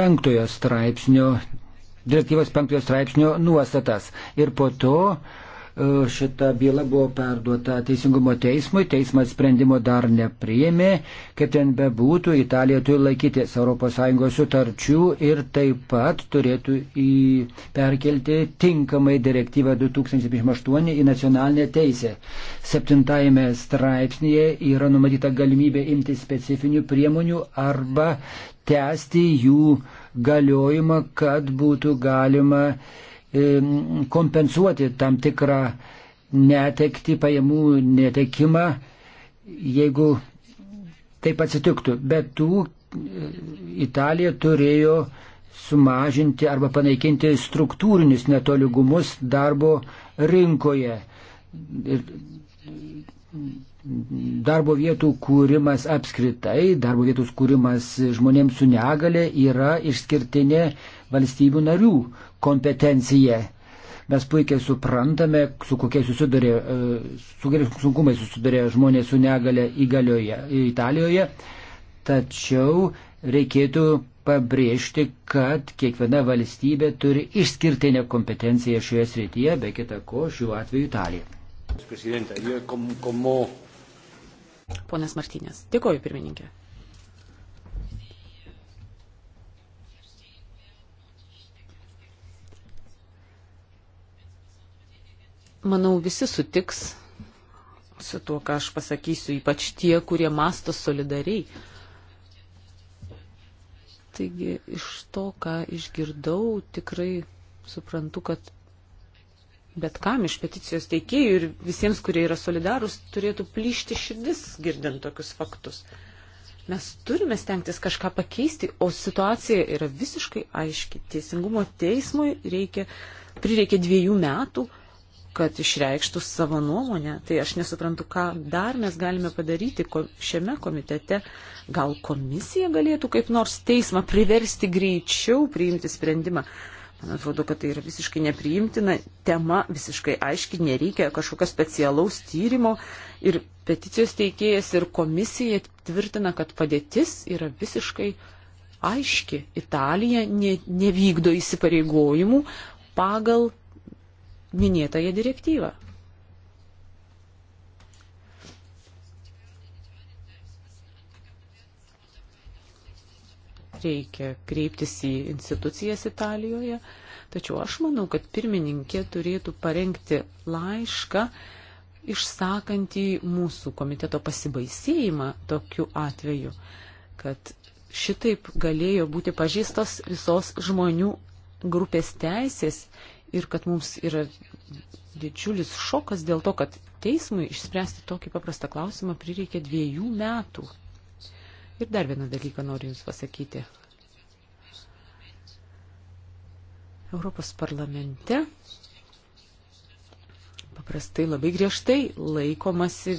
penktojo straipsnio, direktyvos penktojo straipsnio nuostatas. Ir po to E, šita byla buvo perduota Teisingumo teismui, teismas sprendimo dar nepriėmė, kaip ten bebūtų, Italija turi laikytis ES sutarčių ir taip pat turėtų į perkelti tinkamai direktyvą 2008 į nacionalinę teisę. Septintajame straipsnėje yra numatyta galimybė imti specifinių priemonių arba tęsti jų galiojimą, kad būtų galima uh, kompensuoti tam tikrą netekti, pajamų netekimą, jeigu taip atsitiktų. Bet tų e, Italija turėjo sumažinti arba panaikinti struktūrinius netoligumus darbo rinkoje. Darbo vietų kūrimas apskritai, darbo vietų kūrimas žmonėms su negale yra išskirtinė valstybių narių kompetencija. Mes puikiai suprantame, su kokiais susidurė, e, su kokiais sunkumais susidurė žmonės su negale įgalioje Italijoje, tačiau reikėtų pabrėžti, kad kiekviena valstybė turi išskirtinę kompetenciją šioje srityje, be kita ko šiuo atveju Italija. Ponas Martynės, dėkoju pirmininkė. Manau, visi sutiks su tuo, ką aš pasakysiu, ypač tie, kurie masto solidariai. Taigi iš to, ką išgirdau, tikrai suprantu, kad bet kam iš peticijos teikėjų ir visiems, kurie yra solidarūs, turėtų plyšti širdis girdint tokius faktus. Mes turime stengtis kažką pakeisti, o situacija yra visiškai aiški. Teisingumo teismui reikia, prireikė dviejų metų kad išreikštų savo nuomonę. Tai aš nesuprantu, ką dar mes galime padaryti šiame komitete. Gal komisija galėtų kaip nors teismą priversti greičiau priimti sprendimą. Man atrodo, kad tai yra visiškai nepriimtina tema, visiškai aiški, nereikia kažkokio specialaus tyrimo. Ir peticijos teikėjas ir komisija tvirtina, kad padėtis yra visiškai aiški. Italija ne, nevykdo įsipareigojimų pagal minėtąją direktyvą. Reikia kreiptis į institucijas Italijoje, tačiau aš manau, kad pirmininkė turėtų parengti laišką išsakantį mūsų komiteto pasibaisėjimą tokiu atveju, kad šitaip galėjo būti pažįstos visos žmonių grupės teisės ir kad mums yra didžiulis šokas dėl to, kad teismui išspręsti tokį paprastą klausimą prireikė dviejų metų. Ir dar vieną dalyką noriu Jums pasakyti. Europos parlamente paprastai labai griežtai laikomasi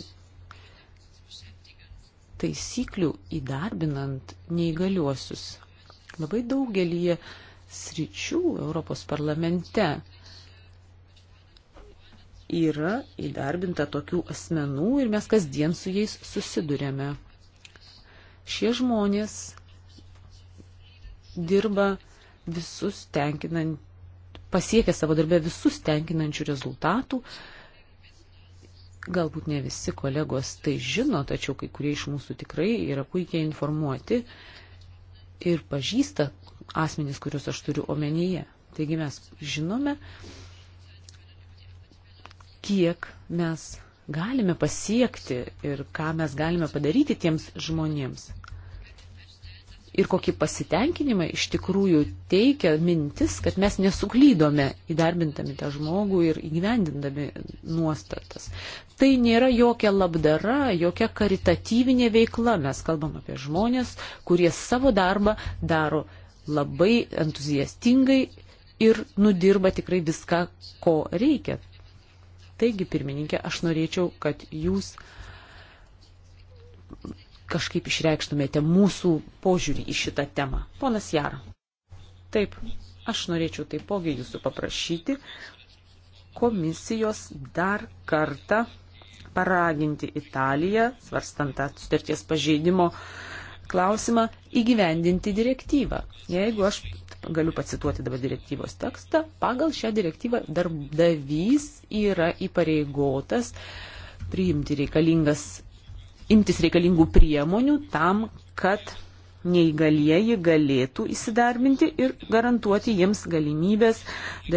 taisyklių įdarbinant neįgaliuosius. Labai daugelį sričių Europos parlamente yra įdarbinta tokių asmenų ir mes kasdien su jais susidurėme. Šie žmonės dirba visus tenkinant, pasiekia savo darbę visus tenkinančių rezultatų. Galbūt ne visi kolegos tai žino, tačiau kai kurie iš mūsų tikrai yra puikiai informuoti ir pažįsta asmenys, kuriuos aš turiu omenyje. Taigi mes žinome, kiek mes galime pasiekti ir ką mes galime padaryti tiems žmonėms. Ir kokį pasitenkinimą iš tikrųjų teikia mintis, kad mes nesuklydome įdarbintami tą žmogų ir įgyvendindami nuostatas. Tai nėra jokia labdara, jokia karitatyvinė veikla. Mes kalbam apie žmonės, kurie savo darbą daro labai entuziastingai ir nudirba tikrai viską, ko reikia. Taigi, pirmininkė, aš norėčiau, kad jūs kažkaip išreikštumėte mūsų požiūrį į šitą temą. Ponas Jara. Taip, aš norėčiau taipogi jūsų paprašyti komisijos dar kartą paraginti Italiją, svarstant tą sutarties pažeidimo uh, klausimą įgyvendinti direktyvą. Jeigu aš galiu pacituoti dabar direktyvos tekstą, pagal šią direktyvą darbdavys yra įpareigotas priimti reikalingas, imtis reikalingų priemonių tam, kad neįgalieji galėtų įsidarbinti ir garantuoti jiems galimybės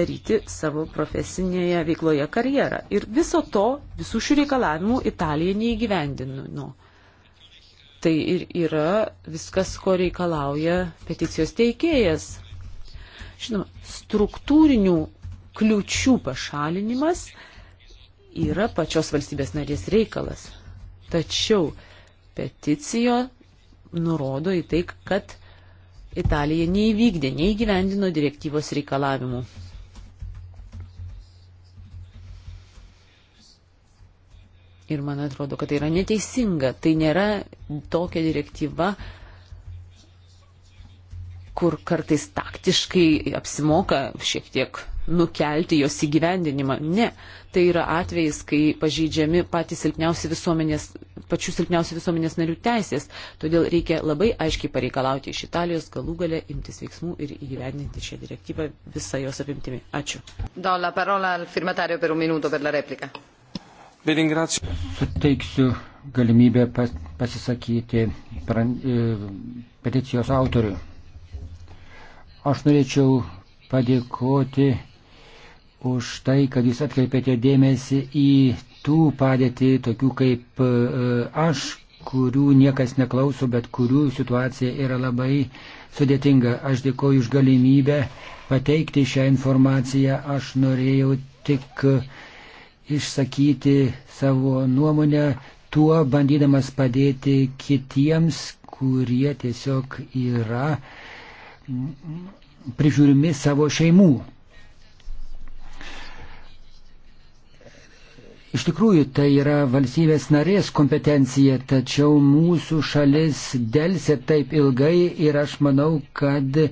daryti savo profesinėje veikloje karjerą. Ir viso to, visų šių reikalavimų Italija neįgyvendino tai ir yra viskas, ko reikalauja peticijos teikėjas. Žinoma, struktūrinių kliučių pašalinimas yra pačios valstybės narės reikalas. Tačiau peticijo nurodo į tai, kad Italija neįvykdė, neįgyvendino direktyvos reikalavimų. Ir man atrodo, kad tai yra neteisinga. Tai nėra tokia direktyva, kur kartais taktiškai apsimoka šiek tiek nukelti jos įgyvendinimą. Ne, tai yra atvejais, kai pažydžiami patys silpniausi visuomenės, pačių silpniausių visuomenės narių teisės. Todėl reikia labai aiškiai pareikalauti iš Italijos galų galę imtis veiksmų ir įgyvendinti šią direktyvą visą jos apimtimi. Ačiū. Do la parola al firmatario per un minuto per la replica. Suteiksiu galimybę pas, pasisakyti pran, e, peticijos autoriui. Aš norėčiau padėkoti už tai, kad jūs atkreipėte dėmesį į tų padėtį, tokių kaip e, aš, kurių niekas neklauso, bet kurių situacija yra labai sudėtinga. Aš dėkoju už galimybę pateikti šią informaciją. Aš norėjau tik išsakyti savo nuomonę, tuo bandydamas padėti kitiems, kurie tiesiog yra prižiūrimi savo šeimų. Iš tikrųjų, tai yra valstybės narės kompetencija, tačiau mūsų šalis dėlsė taip ilgai ir aš manau, kad uh,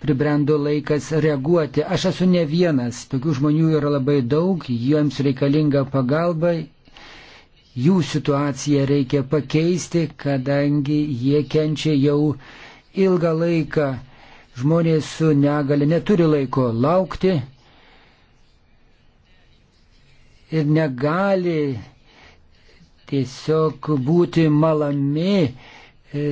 pribrendo laikas reaguoti. Aš esu ne vienas, tokių žmonių yra labai daug, jiems reikalinga pagalba, jų situaciją reikia pakeisti, kadangi jie kenčia jau ilgą laiką. Žmonės su negale neturi laiko laukti ir negali tiesiog būti malami e,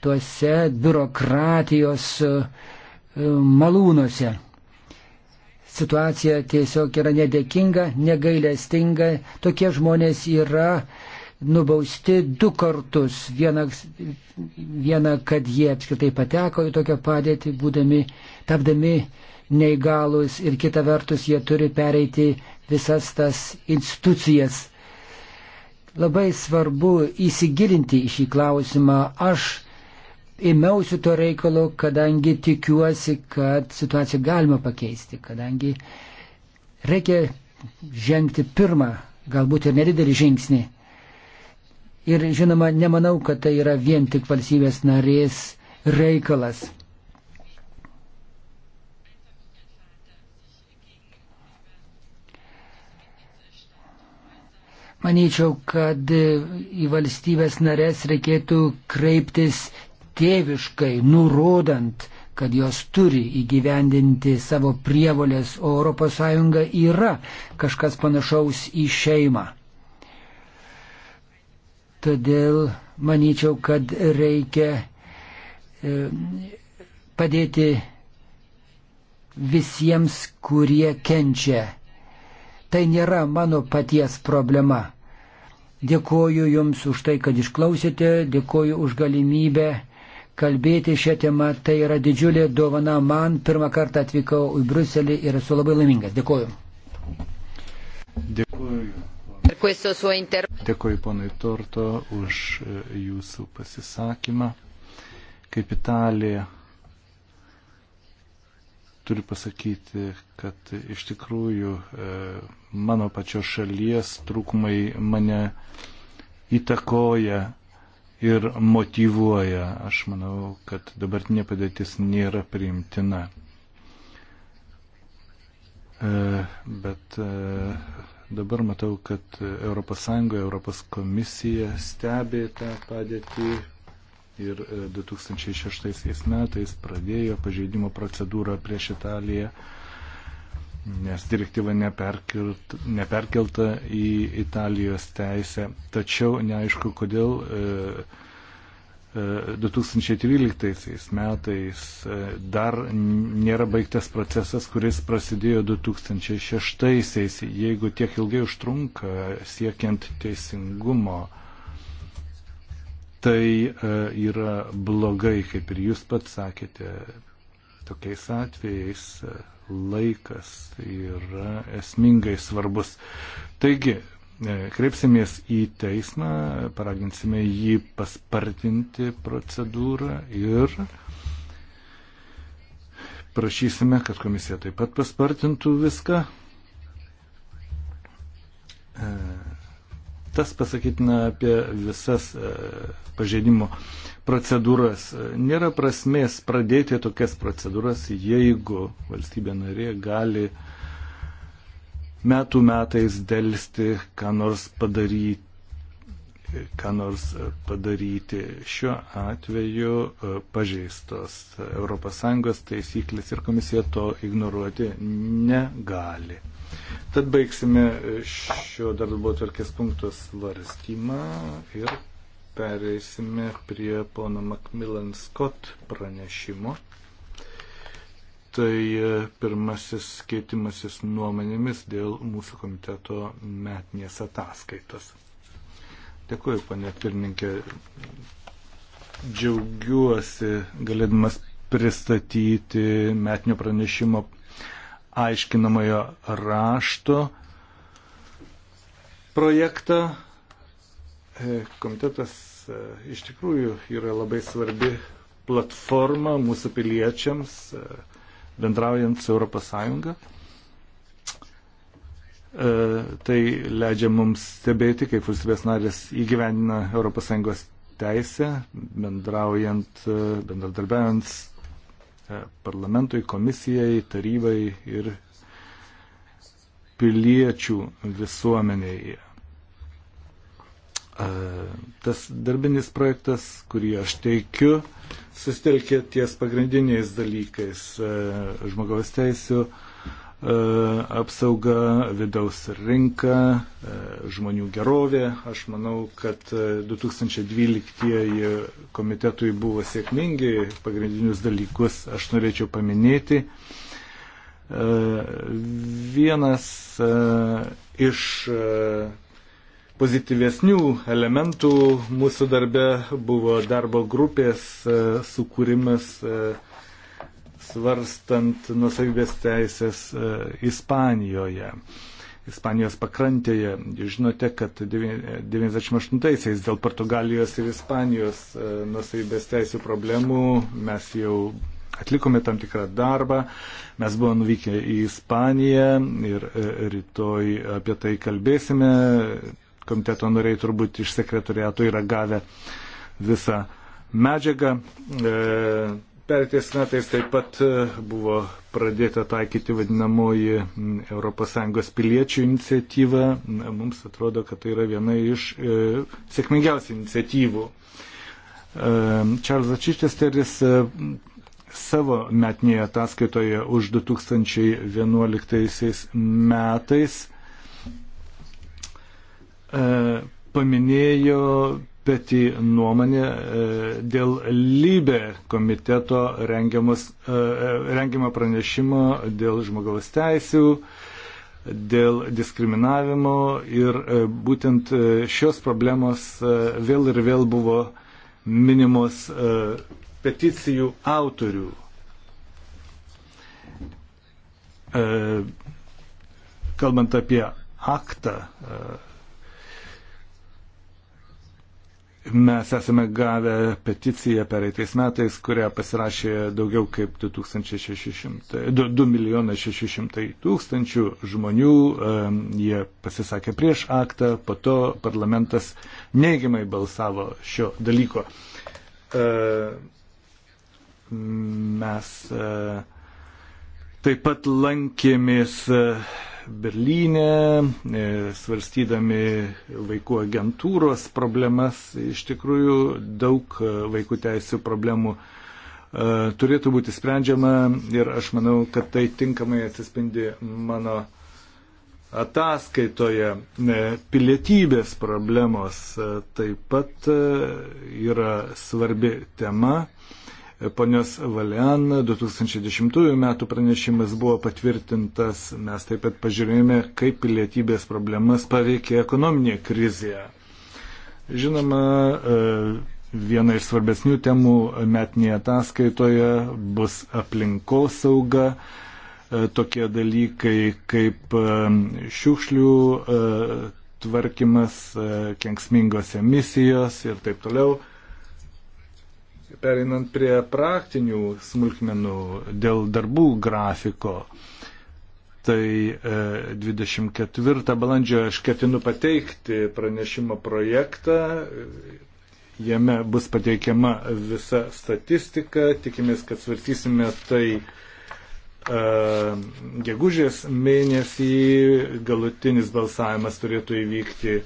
tuose biurokratijos uh, E, malūnuose. Situacija tiesiog yra nedėkinga, negailestinga. Tokie žmonės yra nubausti du kartus. Viena, viena kad jie apskritai pateko į tokią padėtį, būdami, tapdami neįgalus ir kita vertus jie turi pereiti visas tas institucijas. Labai svarbu įsigilinti į šį klausimą. Aš ėmiausi to reikalo, kadangi tikiuosi, kad situaciją galima pakeisti, kadangi reikia žengti pirmą, galbūt ir nedidelį žingsnį. Ir žinoma, nemanau, kad tai yra vien tik valstybės narės reikalas. Manyčiau, kad į valstybės narės reikėtų kreiptis tėviškai nurodant, kad jos turi įgyvendinti savo prievolės, o ES yra kažkas panašaus į šeimą. Todėl manyčiau, kad reikia e, padėti visiems, kurie kenčia. Tai nėra mano paties problema. Dėkoju Jums už tai, kad išklausėte, dėkoju už galimybę kalbėti šią temą. Tai yra didžiulė dovana man. Pirmą kartą atvykau į Bruselį ir esu labai laimingas. Dėkuoju. Dėkuoju. Dėkuoju ponui Torto už e, jūsų pasisakymą. Kaip Italija turiu pasakyti, kad iš tikrųjų e, mano pačios šalies trūkumai mane įtakoja ir motivuoja. Aš manau, kad dabartinė padėtis nėra priimtina. E, bet e, dabar matau, kad ES, ES komisija stebė tą padėtį ir 2006 e, metais pradėjo pažeidimo procedūrą prieš Italiją nes direktyva neperkelta į Italijos teisę. Tačiau neaišku, kodėl 2013 e, e, metais e, dar nėra baigtas procesas, kuris prasidėjo 2006-aisiais, jeigu tiek ilgai užtrunka siekiant teisingumo. Tai yra blogai, kaip ir jūs pats sakėte, tokiais atvejais laikas yra esmingai svarbus. Taigi, e, kreipsimės į teismą, paraginsime jį paspartinti procedūrą ir prašysime, kad komisija taip pat paspartintų viską. E, Tas pasakytina apie visas e, pažeidimo procedūras. E, nėra prasmės pradėti tokias procedūras, jeigu valstybė narė gali metų metais dėlsti, ką nors padaryti ką nors padaryti. Šiuo atveju e, pažeistos ES taisyklės ir komisija to ignoruoti negali. Tad baigsime šio darbo tvarkės punkto svarstymą ir pereisime prie pono Macmillan Scott pranešimo. Tai e, pirmasis keitimasis nuomonėmis dėl mūsų komiteto metinės ataskaitos. Dėkuoju, ponė pirmininkė. Džiaugiuosi galėdamas pristatyti metinio pranešimo aiškinamojo rašto projektą. E, komitetas e, iš tikrųjų yra labai svarbi platforma mūsų piliečiams e, bendraujant su ES. Tai leidžia mums stebėti, kaip valstybės narės įgyvendina ES teisę, bendraujant, bendradarbiaujant E, parlamentui, komisijai, tarybai ir piliečių visuomenėje. Tas darbinis projektas, kurį aš teikiu, sustelkė ties pagrindiniais dalykais e, - žmogaus teisų E, apsauga, vidaus rinka, e, žmonių gerovė. Aš manau, kad 2012 e, komitetui buvo sėkmingi, pagrindinius dalykus aš norėčiau paminėti. Vienas iš pozityvesnių elementų mūsų darbe buvo darbo grupės sukūrimas svarstant nusavybės teisės e, Ispanijoje. Ispanijos pakrantėje. Jūs žinote, kad 98-aisiais e, dėl Portugalijos ir Ispanijos e, nusavybės teisų problemų mes jau atlikome tam tikrą darbą. Mes buvome nuvykę į Ispaniją ir rytoj apie tai kalbėsime. Komiteto nariai turbūt iš sekretoriato yra gavę visą medžiagą. E, Perėtais metais taip pat e, buvo pradėta taikyti vadinamoji ES piliečių iniciatyva. Mums atrodo, kad tai yra viena iš e, sėkmingiausių iniciatyvų. E, Čarlzas Čičesteris e, savo metinėje ataskaitoje už 2011 metais e, paminėjo petį nuomonę e, dėl lybė komiteto e, e, rengiamo pranešimo dėl žmogaus teisių, dėl diskriminavimo ir būtent šios problemos vėl ir vėl buvo minimos peticijų autorių. Kalbant apie aktą, Mes esame gavę peticiją pereitais metais, kurią pasirašė daugiau kaip 2600, 2 milijonai 600 tūkstančių žmonių. Jie pasisakė prieš aktą, po to parlamentas neigiamai balsavo šio dalyko. E, mes e, taip pat lankėmės Berlyne, e, svarstydami vaikų agentūros problemas. Iš tikrųjų, daug e, vaikų teisų problemų e, turėtų būti sprendžiama ir aš manau, kad tai tinkamai atsispindi mano ataskaitoje pilietybės problemos taip pat yra svarbi tema. Ponios Valian 2010 m. pranešimas buvo patvirtintas. Mes taip pat pažiūrėjome, kaip pilietybės problemas paveikė ekonominė krizė. Žinoma, e, viena iš svarbesnių temų metinėje ataskaitoje bus aplinkosauga e, tokie dalykai kaip e, šiukšlių tvarkymas, kenksmingos emisijos ir taip toliau. Perinant prie praktinių smulkmenų dėl darbų grafiko, tai 24 e, balandžio aš ketinu pateikti pranešimo projektą. Jame bus pateikiama visa statistika. Tikimės, kad svarstysime tai e, gegužės mėnesį. Galutinis balsavimas turėtų įvykti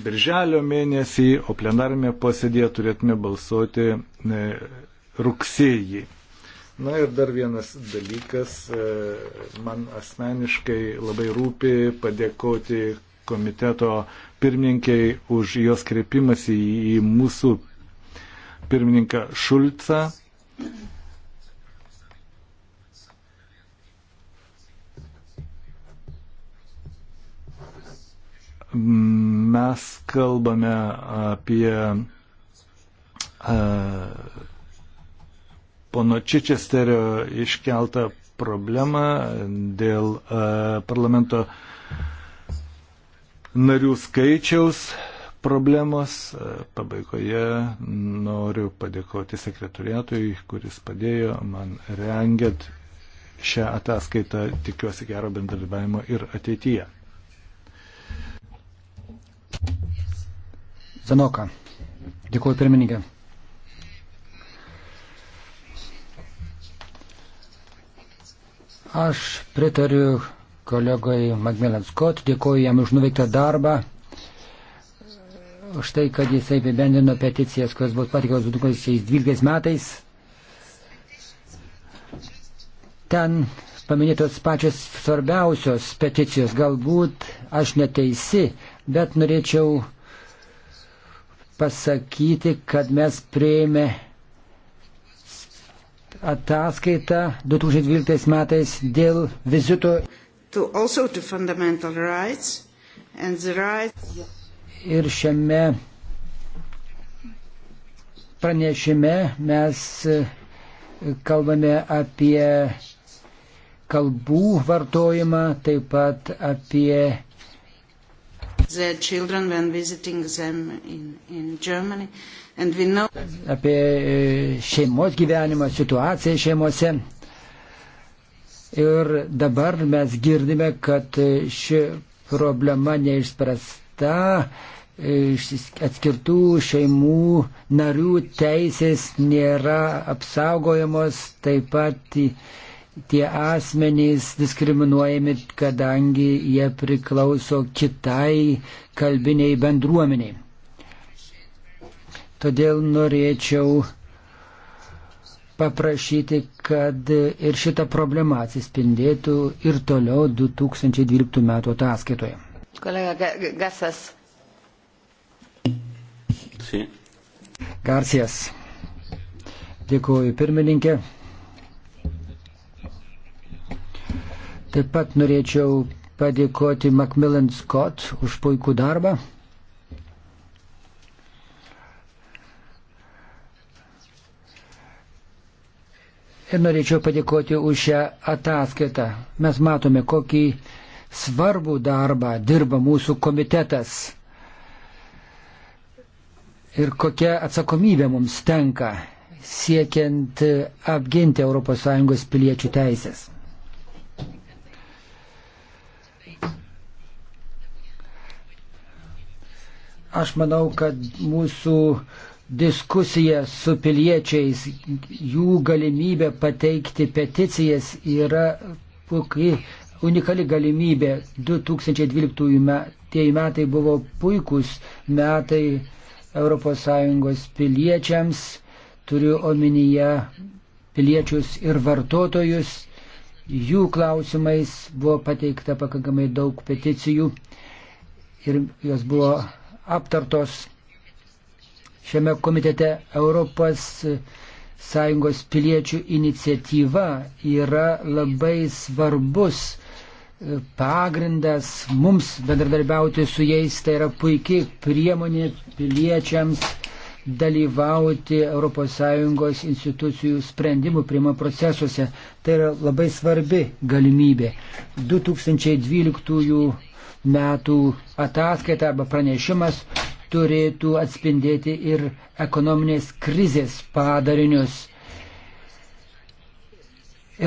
birželio mėnesį, o plenarime posėdėje turėtume balsuoti e, rugsėjį. Na ir dar vienas dalykas, e, man asmeniškai labai rūpi padėkoti komiteto pirmininkiai už jos kreipimąsi į mūsų pirmininką Šulcą. mes kalbame apie e, pono Čičesterio iškeltą problemą dėl e, parlamento narių skaičiaus problemos. E, pabaigoje noriu padėkoti sekretoriatui, kuris padėjo man rengiant šią ataskaitą. Tikiuosi gero bendradarbiavimo ir ateityje. Zanoka. Dėkuoju pirmininkė. Aš pritariu kolegai Magmelan Scott, dėkuoju jam už nuveiktą darbą, už tai, kad jisai apibendrino peticijas, kurios bus patikėtos 2012 metais. Ten paminėtos pačios svarbiausios peticijos, galbūt aš neteisi, bet norėčiau pasakyti, kad mes prieėmė ataskaitą 2012 metais dėl vizito. To also to fundamental rights and the rights. Ir šiame pranešime mes e, kalbame apie kalbų vartojimą, taip pat apie their children when visiting them in, in Germany. And we know... Apie e, šeimos gyvenimą, situaciją šeimose. Ir dabar mes girdime, kad e, ši problema neišspręsta, e, atskirtų šeimų narių teisės nėra apsaugojamos, taip pat tie asmenys diskriminuojami, kadangi jie priklauso kitai kalbiniai bendruomeniai. Todėl norėčiau paprašyti, kad ir šita problema atsispindėtų ir toliau 2012 m. ataskaitoje. Kolega Gasas. Sí. Garcijas. Dėkuoju pirmininkė. Taip pat norėčiau padėkoti Macmillan Scott už puikų darbą. Ir norėčiau padėkoti už šią ataskaitą. Mes matome, kokį svarbų darbą dirba mūsų komitetas. Ir kokia atsakomybė mums tenka siekiant apginti ES piliečių teisės. Aš manau, kad mūsų diskusija su piliečiais, jų galimybė pateikti peticijas yra puikiai unikali galimybė. 2012 metai buvo puikus metai ES piliečiams, turiu omenyje piliečius ir vartotojus. Jų klausimais buvo pateikta pakankamai daug peticijų ir jos buvo aptartos šiame komitete Europos Sąjungos piliečių iniciatyva yra labai svarbus e, pagrindas mums bendradarbiauti su jais. Tai yra puikiai priemonė piliečiams dalyvauti ES institucijų sprendimų priimo procesuose. Tai yra labai svarbi galimybė. 2012 metų ataskaita arba pranešimas turėtų atspindėti ir ekonominės krizės padarinius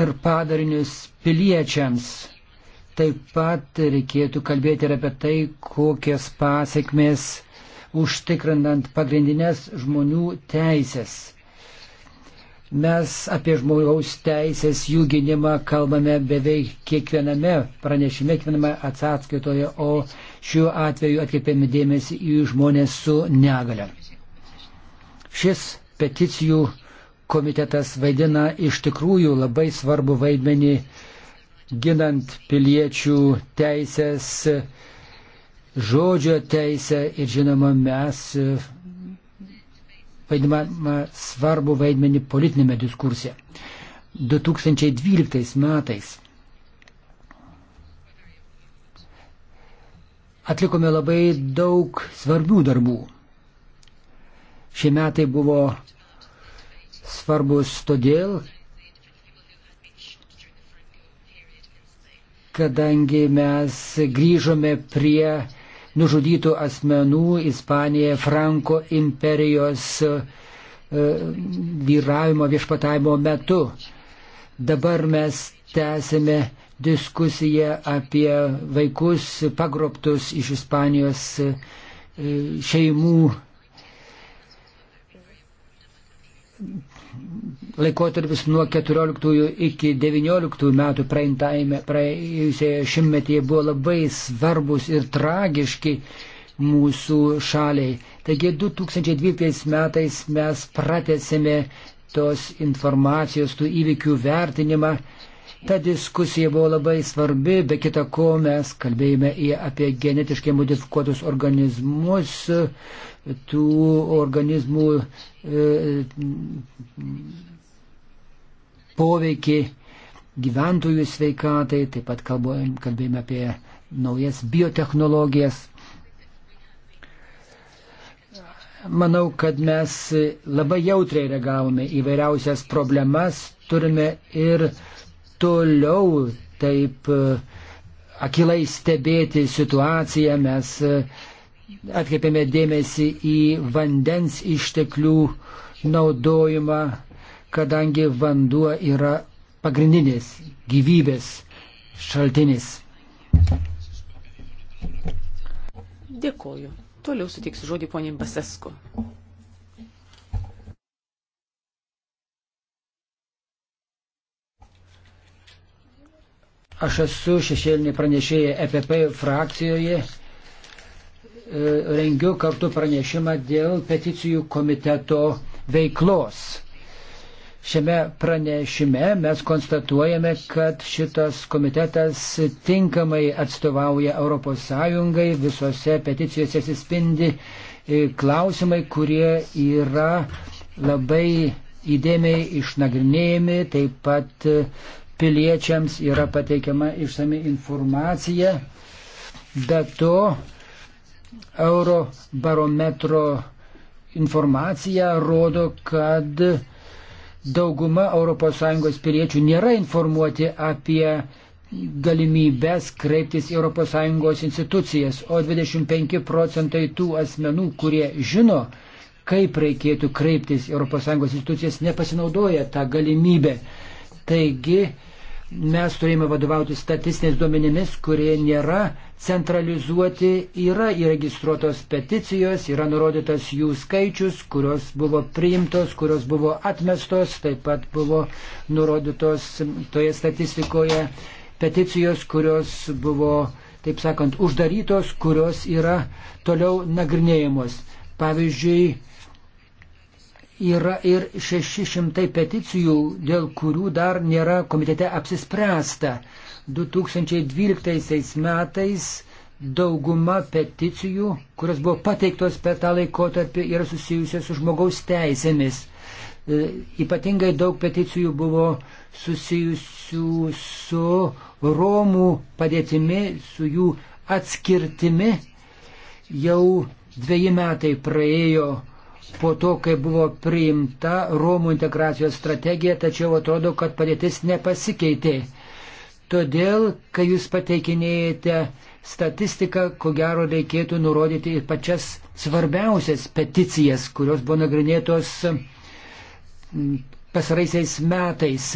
ir padarinius piliečiams. Taip pat reikėtų kalbėti ir apie tai, kokias pasiekmes užtikrinant pagrindinės žmonių teisės. Mes apie žmogaus teisės jų gynimą kalbame beveik kiekviename pranešime, kiekviename atsaskaitoje, o šiuo atveju atkreipiame dėmesį į žmonės su negale. Šis peticijų komitetas vaidina iš tikrųjų labai svarbu vaidmenį ginant piliečių teisės, žodžio teisę ir žinoma mes vaidinamą svarbų vaidmenį politinėme diskurse. 2012 metais atlikome labai daug svarbių darbų. Šie metai buvo svarbus todėl, kadangi mes grįžome prie nužudytų asmenų Ispanijoje Franko imperijos e, vyravimo viešpatavimo metu. Dabar mes tęsime diskusiją apie vaikus pagrobtus iš Ispanijos e, šeimų laikotarpis nuo 14 iki 19 metų praėjusioje šimtmetyje buvo labai svarbus ir tragiški mūsų šaliai. Taigi 2012 metais mes pratesėme tos informacijos, tų įvykių vertinimą Ta diskusija buvo labai svarbi, be kita ko mes kalbėjome apie genetiškai modifikuotus organizmus, tų organizmų e, poveikį gyventojų sveikatai, taip pat kalbėjome apie naujas biotehnologijas. Manau, kad mes labai jautriai reagavome į vairiausias problemas, turime ir toliau taip e, akilai stebėti situaciją. Mes e, atkreipėme dėmesį į vandens išteklių naudojimą, kadangi vanduo yra pagrindinis gyvybės šaltinis. Dėkoju. Toliau suteiksiu žodį poniai Basesku. Aš esu šešėlinė pranešėja EPP frakcijoje. E, rengiu kartu pranešimą dėl peticijų komiteto veiklos. Šiame pranešime mes konstatuojame, kad šitas komitetas tinkamai atstovauja ES, visose peticijose atsispindi e, klausimai, kurie yra labai įdėmiai išnagrinėjami, taip pat e, piliečiams yra pateikiama išsami informacija. Be to, Eurobarometro informacija rodo, kad dauguma ES piliečių nėra informuoti apie galimybės kreiptis į ES institucijas, o 25 procentai tų asmenų, kurie žino, kaip reikėtų kreiptis į ES institucijas, nepasinaudoja tą galimybę. Taigi mes turėjome vadovauti statistiniais duomenimis, kurie nėra centralizuoti, yra įregistruotos peticijos, yra nurodytas jų skaičius, kurios buvo priimtos, kurios buvo atmestos, taip pat buvo nurodytos toje statistikoje peticijos, kurios buvo, taip sakant, uždarytos, kurios yra toliau nagrinėjamos. Pavyzdžiui, yra ir 600 peticijų, dėl kurių dar nėra komitete apsispręsta. 2012 metais dauguma peticijų, kurios buvo pateiktos per tą laikotarpį, yra susijusios su žmogaus teisėmis. E, ypatingai daug peticijų buvo susijusių su Romų padėtimi, su jų atskirtimi. Jau dviejai metai praėjo po to, kai buvo priimta Romų integracijos strategija, tačiau atrodo, kad padėtis nepasikeitė. Todėl, kai jūs pateikinėjate statistiką, ko gero reikėtų nurodyti ir pačias svarbiausias peticijas, kurios buvo nagrinėtos pasaraisiais metais.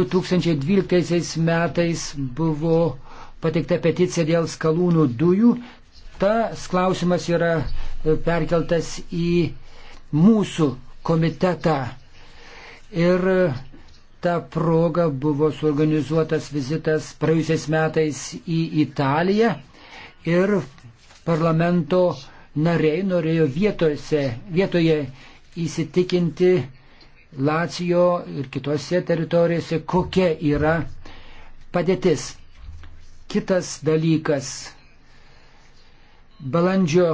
2012 metais buvo pateikta peticija dėl skalūnų dujų. Tas klausimas yra e, perkeltas į mūsų komitetą. Ir ta proga buvo suorganizuotas vizitas praėjusiais metais į Italiją ir parlamento nariai norėjo vietose, vietoje įsitikinti Lacijo ir kitose teritorijose, kokia yra padėtis. Kitas dalykas. Balandžio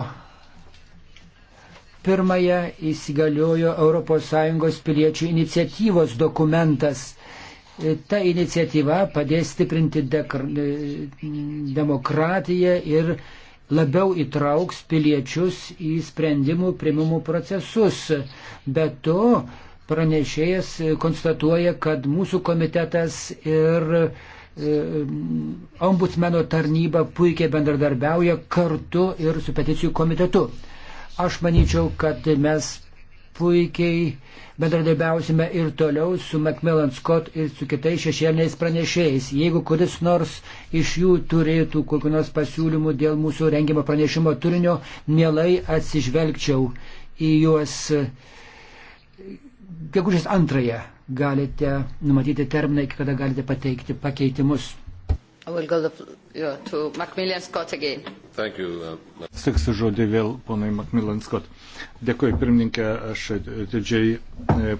pirmąją įsigaliojo ES piliečių iniciatyvos dokumentas. Ta iniciatyva padės stiprinti demokratiją ir labiau įtrauks piliečius į sprendimų primimų procesus. Be to, pranešėjas konstatuoja, kad mūsų komitetas ir e, ombudsmeno tarnyba puikiai bendradarbiauja kartu ir su peticijų komitetu. Aš manyčiau, kad mes puikiai bendradarbiausime ir toliau su Macmillan Scott ir su kitais šešėliniais pranešėjais. Jeigu kuris nors iš jų turėtų kokiu nors pasiūlymu dėl mūsų rengimo pranešimo turinio, mielai atsižvelgčiau į juos. Gegužės antrąją galite numatyti terminą, iki kada galite pateikti pakeitimus. Stiksiu uh, žodį vėl ponai Macmillan Scott. Dėkuoju, pirmininkė, aš didžiai e,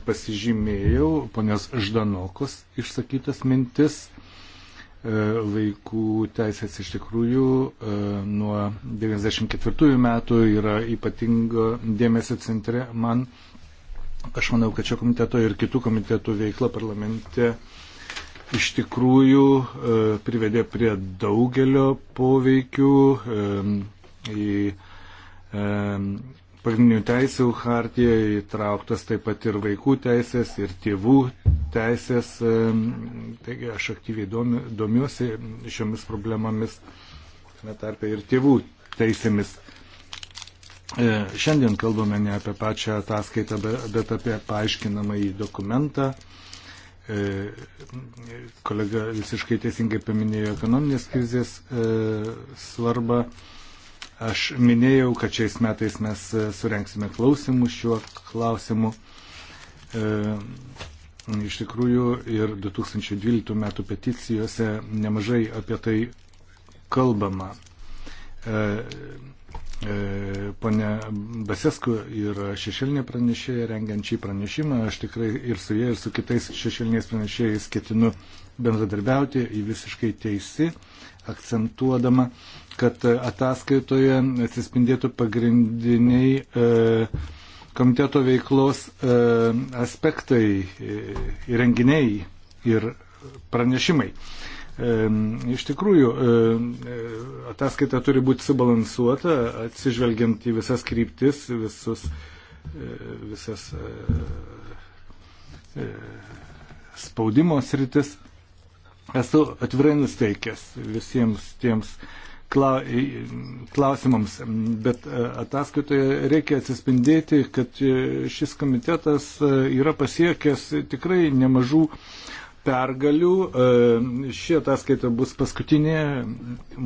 pasižymėjau ponios Ždanokos išsakytas mintis. E, vaikų teisės iš tikrųjų e, nuo 94 metų yra ypatingo dėmesio centre. Man, aš manau, kad šio komiteto ir kitų komitetų veikla parlamente iš tikrųjų e, privedė prie daugelio poveikių e, į e, pagrindinių teisų hartiją įtrauktas taip pat ir vaikų teisės, ir tėvų teisės. Taigi aš aktyviai domiuosi šiomis problemomis, tame tarpe ir tėvų teisėmis. Šiandien kalbame ne apie pačią ataskaitą, bet apie paaiškinamąjį dokumentą. E, kolega visiškai teisingai paminėjo ekonominės krizės e, svarbą. Aš minėjau, kad šiais metais mes e, surenksime klausimų šiuo klausimu. Iš tikrųjų ir 2012 metų peticijose nemažai apie tai kalbama. E, pone Basesku yra šešėlinė pranešėja rengiant šį pranešimą. Aš tikrai ir su jie, ir su kitais šešėliniais pranešėjais ketinu bendradarbiauti į visiškai teisi, akcentuodama, kad ataskaitoje atsispindėtų pagrindiniai e, komiteto veiklos e, aspektai, e, renginiai ir pranešimai. E, Iš tikrųjų, ataskaita turi būti subalansuota, atsižvelgiant į visas kryptis, visus, e, visas e, e, spaudimo sritis. Esu atvirai nusteikęs visiems tiems klausimams, bet ataskaitoje reikia atsispindėti, kad šis komitetas yra pasiekęs tikrai nemažų pergalių. E, ši ataskaita bus paskutinė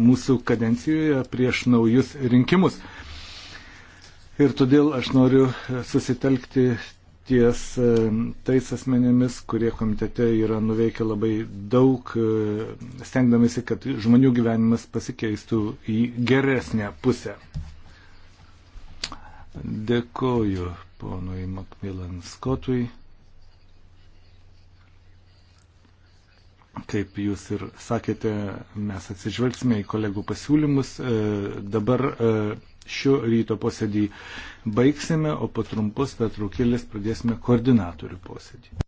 mūsų kadencijoje prieš naujus rinkimus. Ir todėl aš noriu susitelkti ties e, tais asmenėmis, kurie komitete yra nuveikę labai daug, e, stengdamėsi, kad žmonių gyvenimas pasikeistų į geresnę pusę. Dėkoju ponui Makmilan Skotui. Kaip jūs ir sakėte, mes atsižvelgsime į kolegų pasiūlymus. E, dabar e, šio ryto posėdį baigsime, o po trumpos pertraukėlės pradėsime koordinatorių posėdį.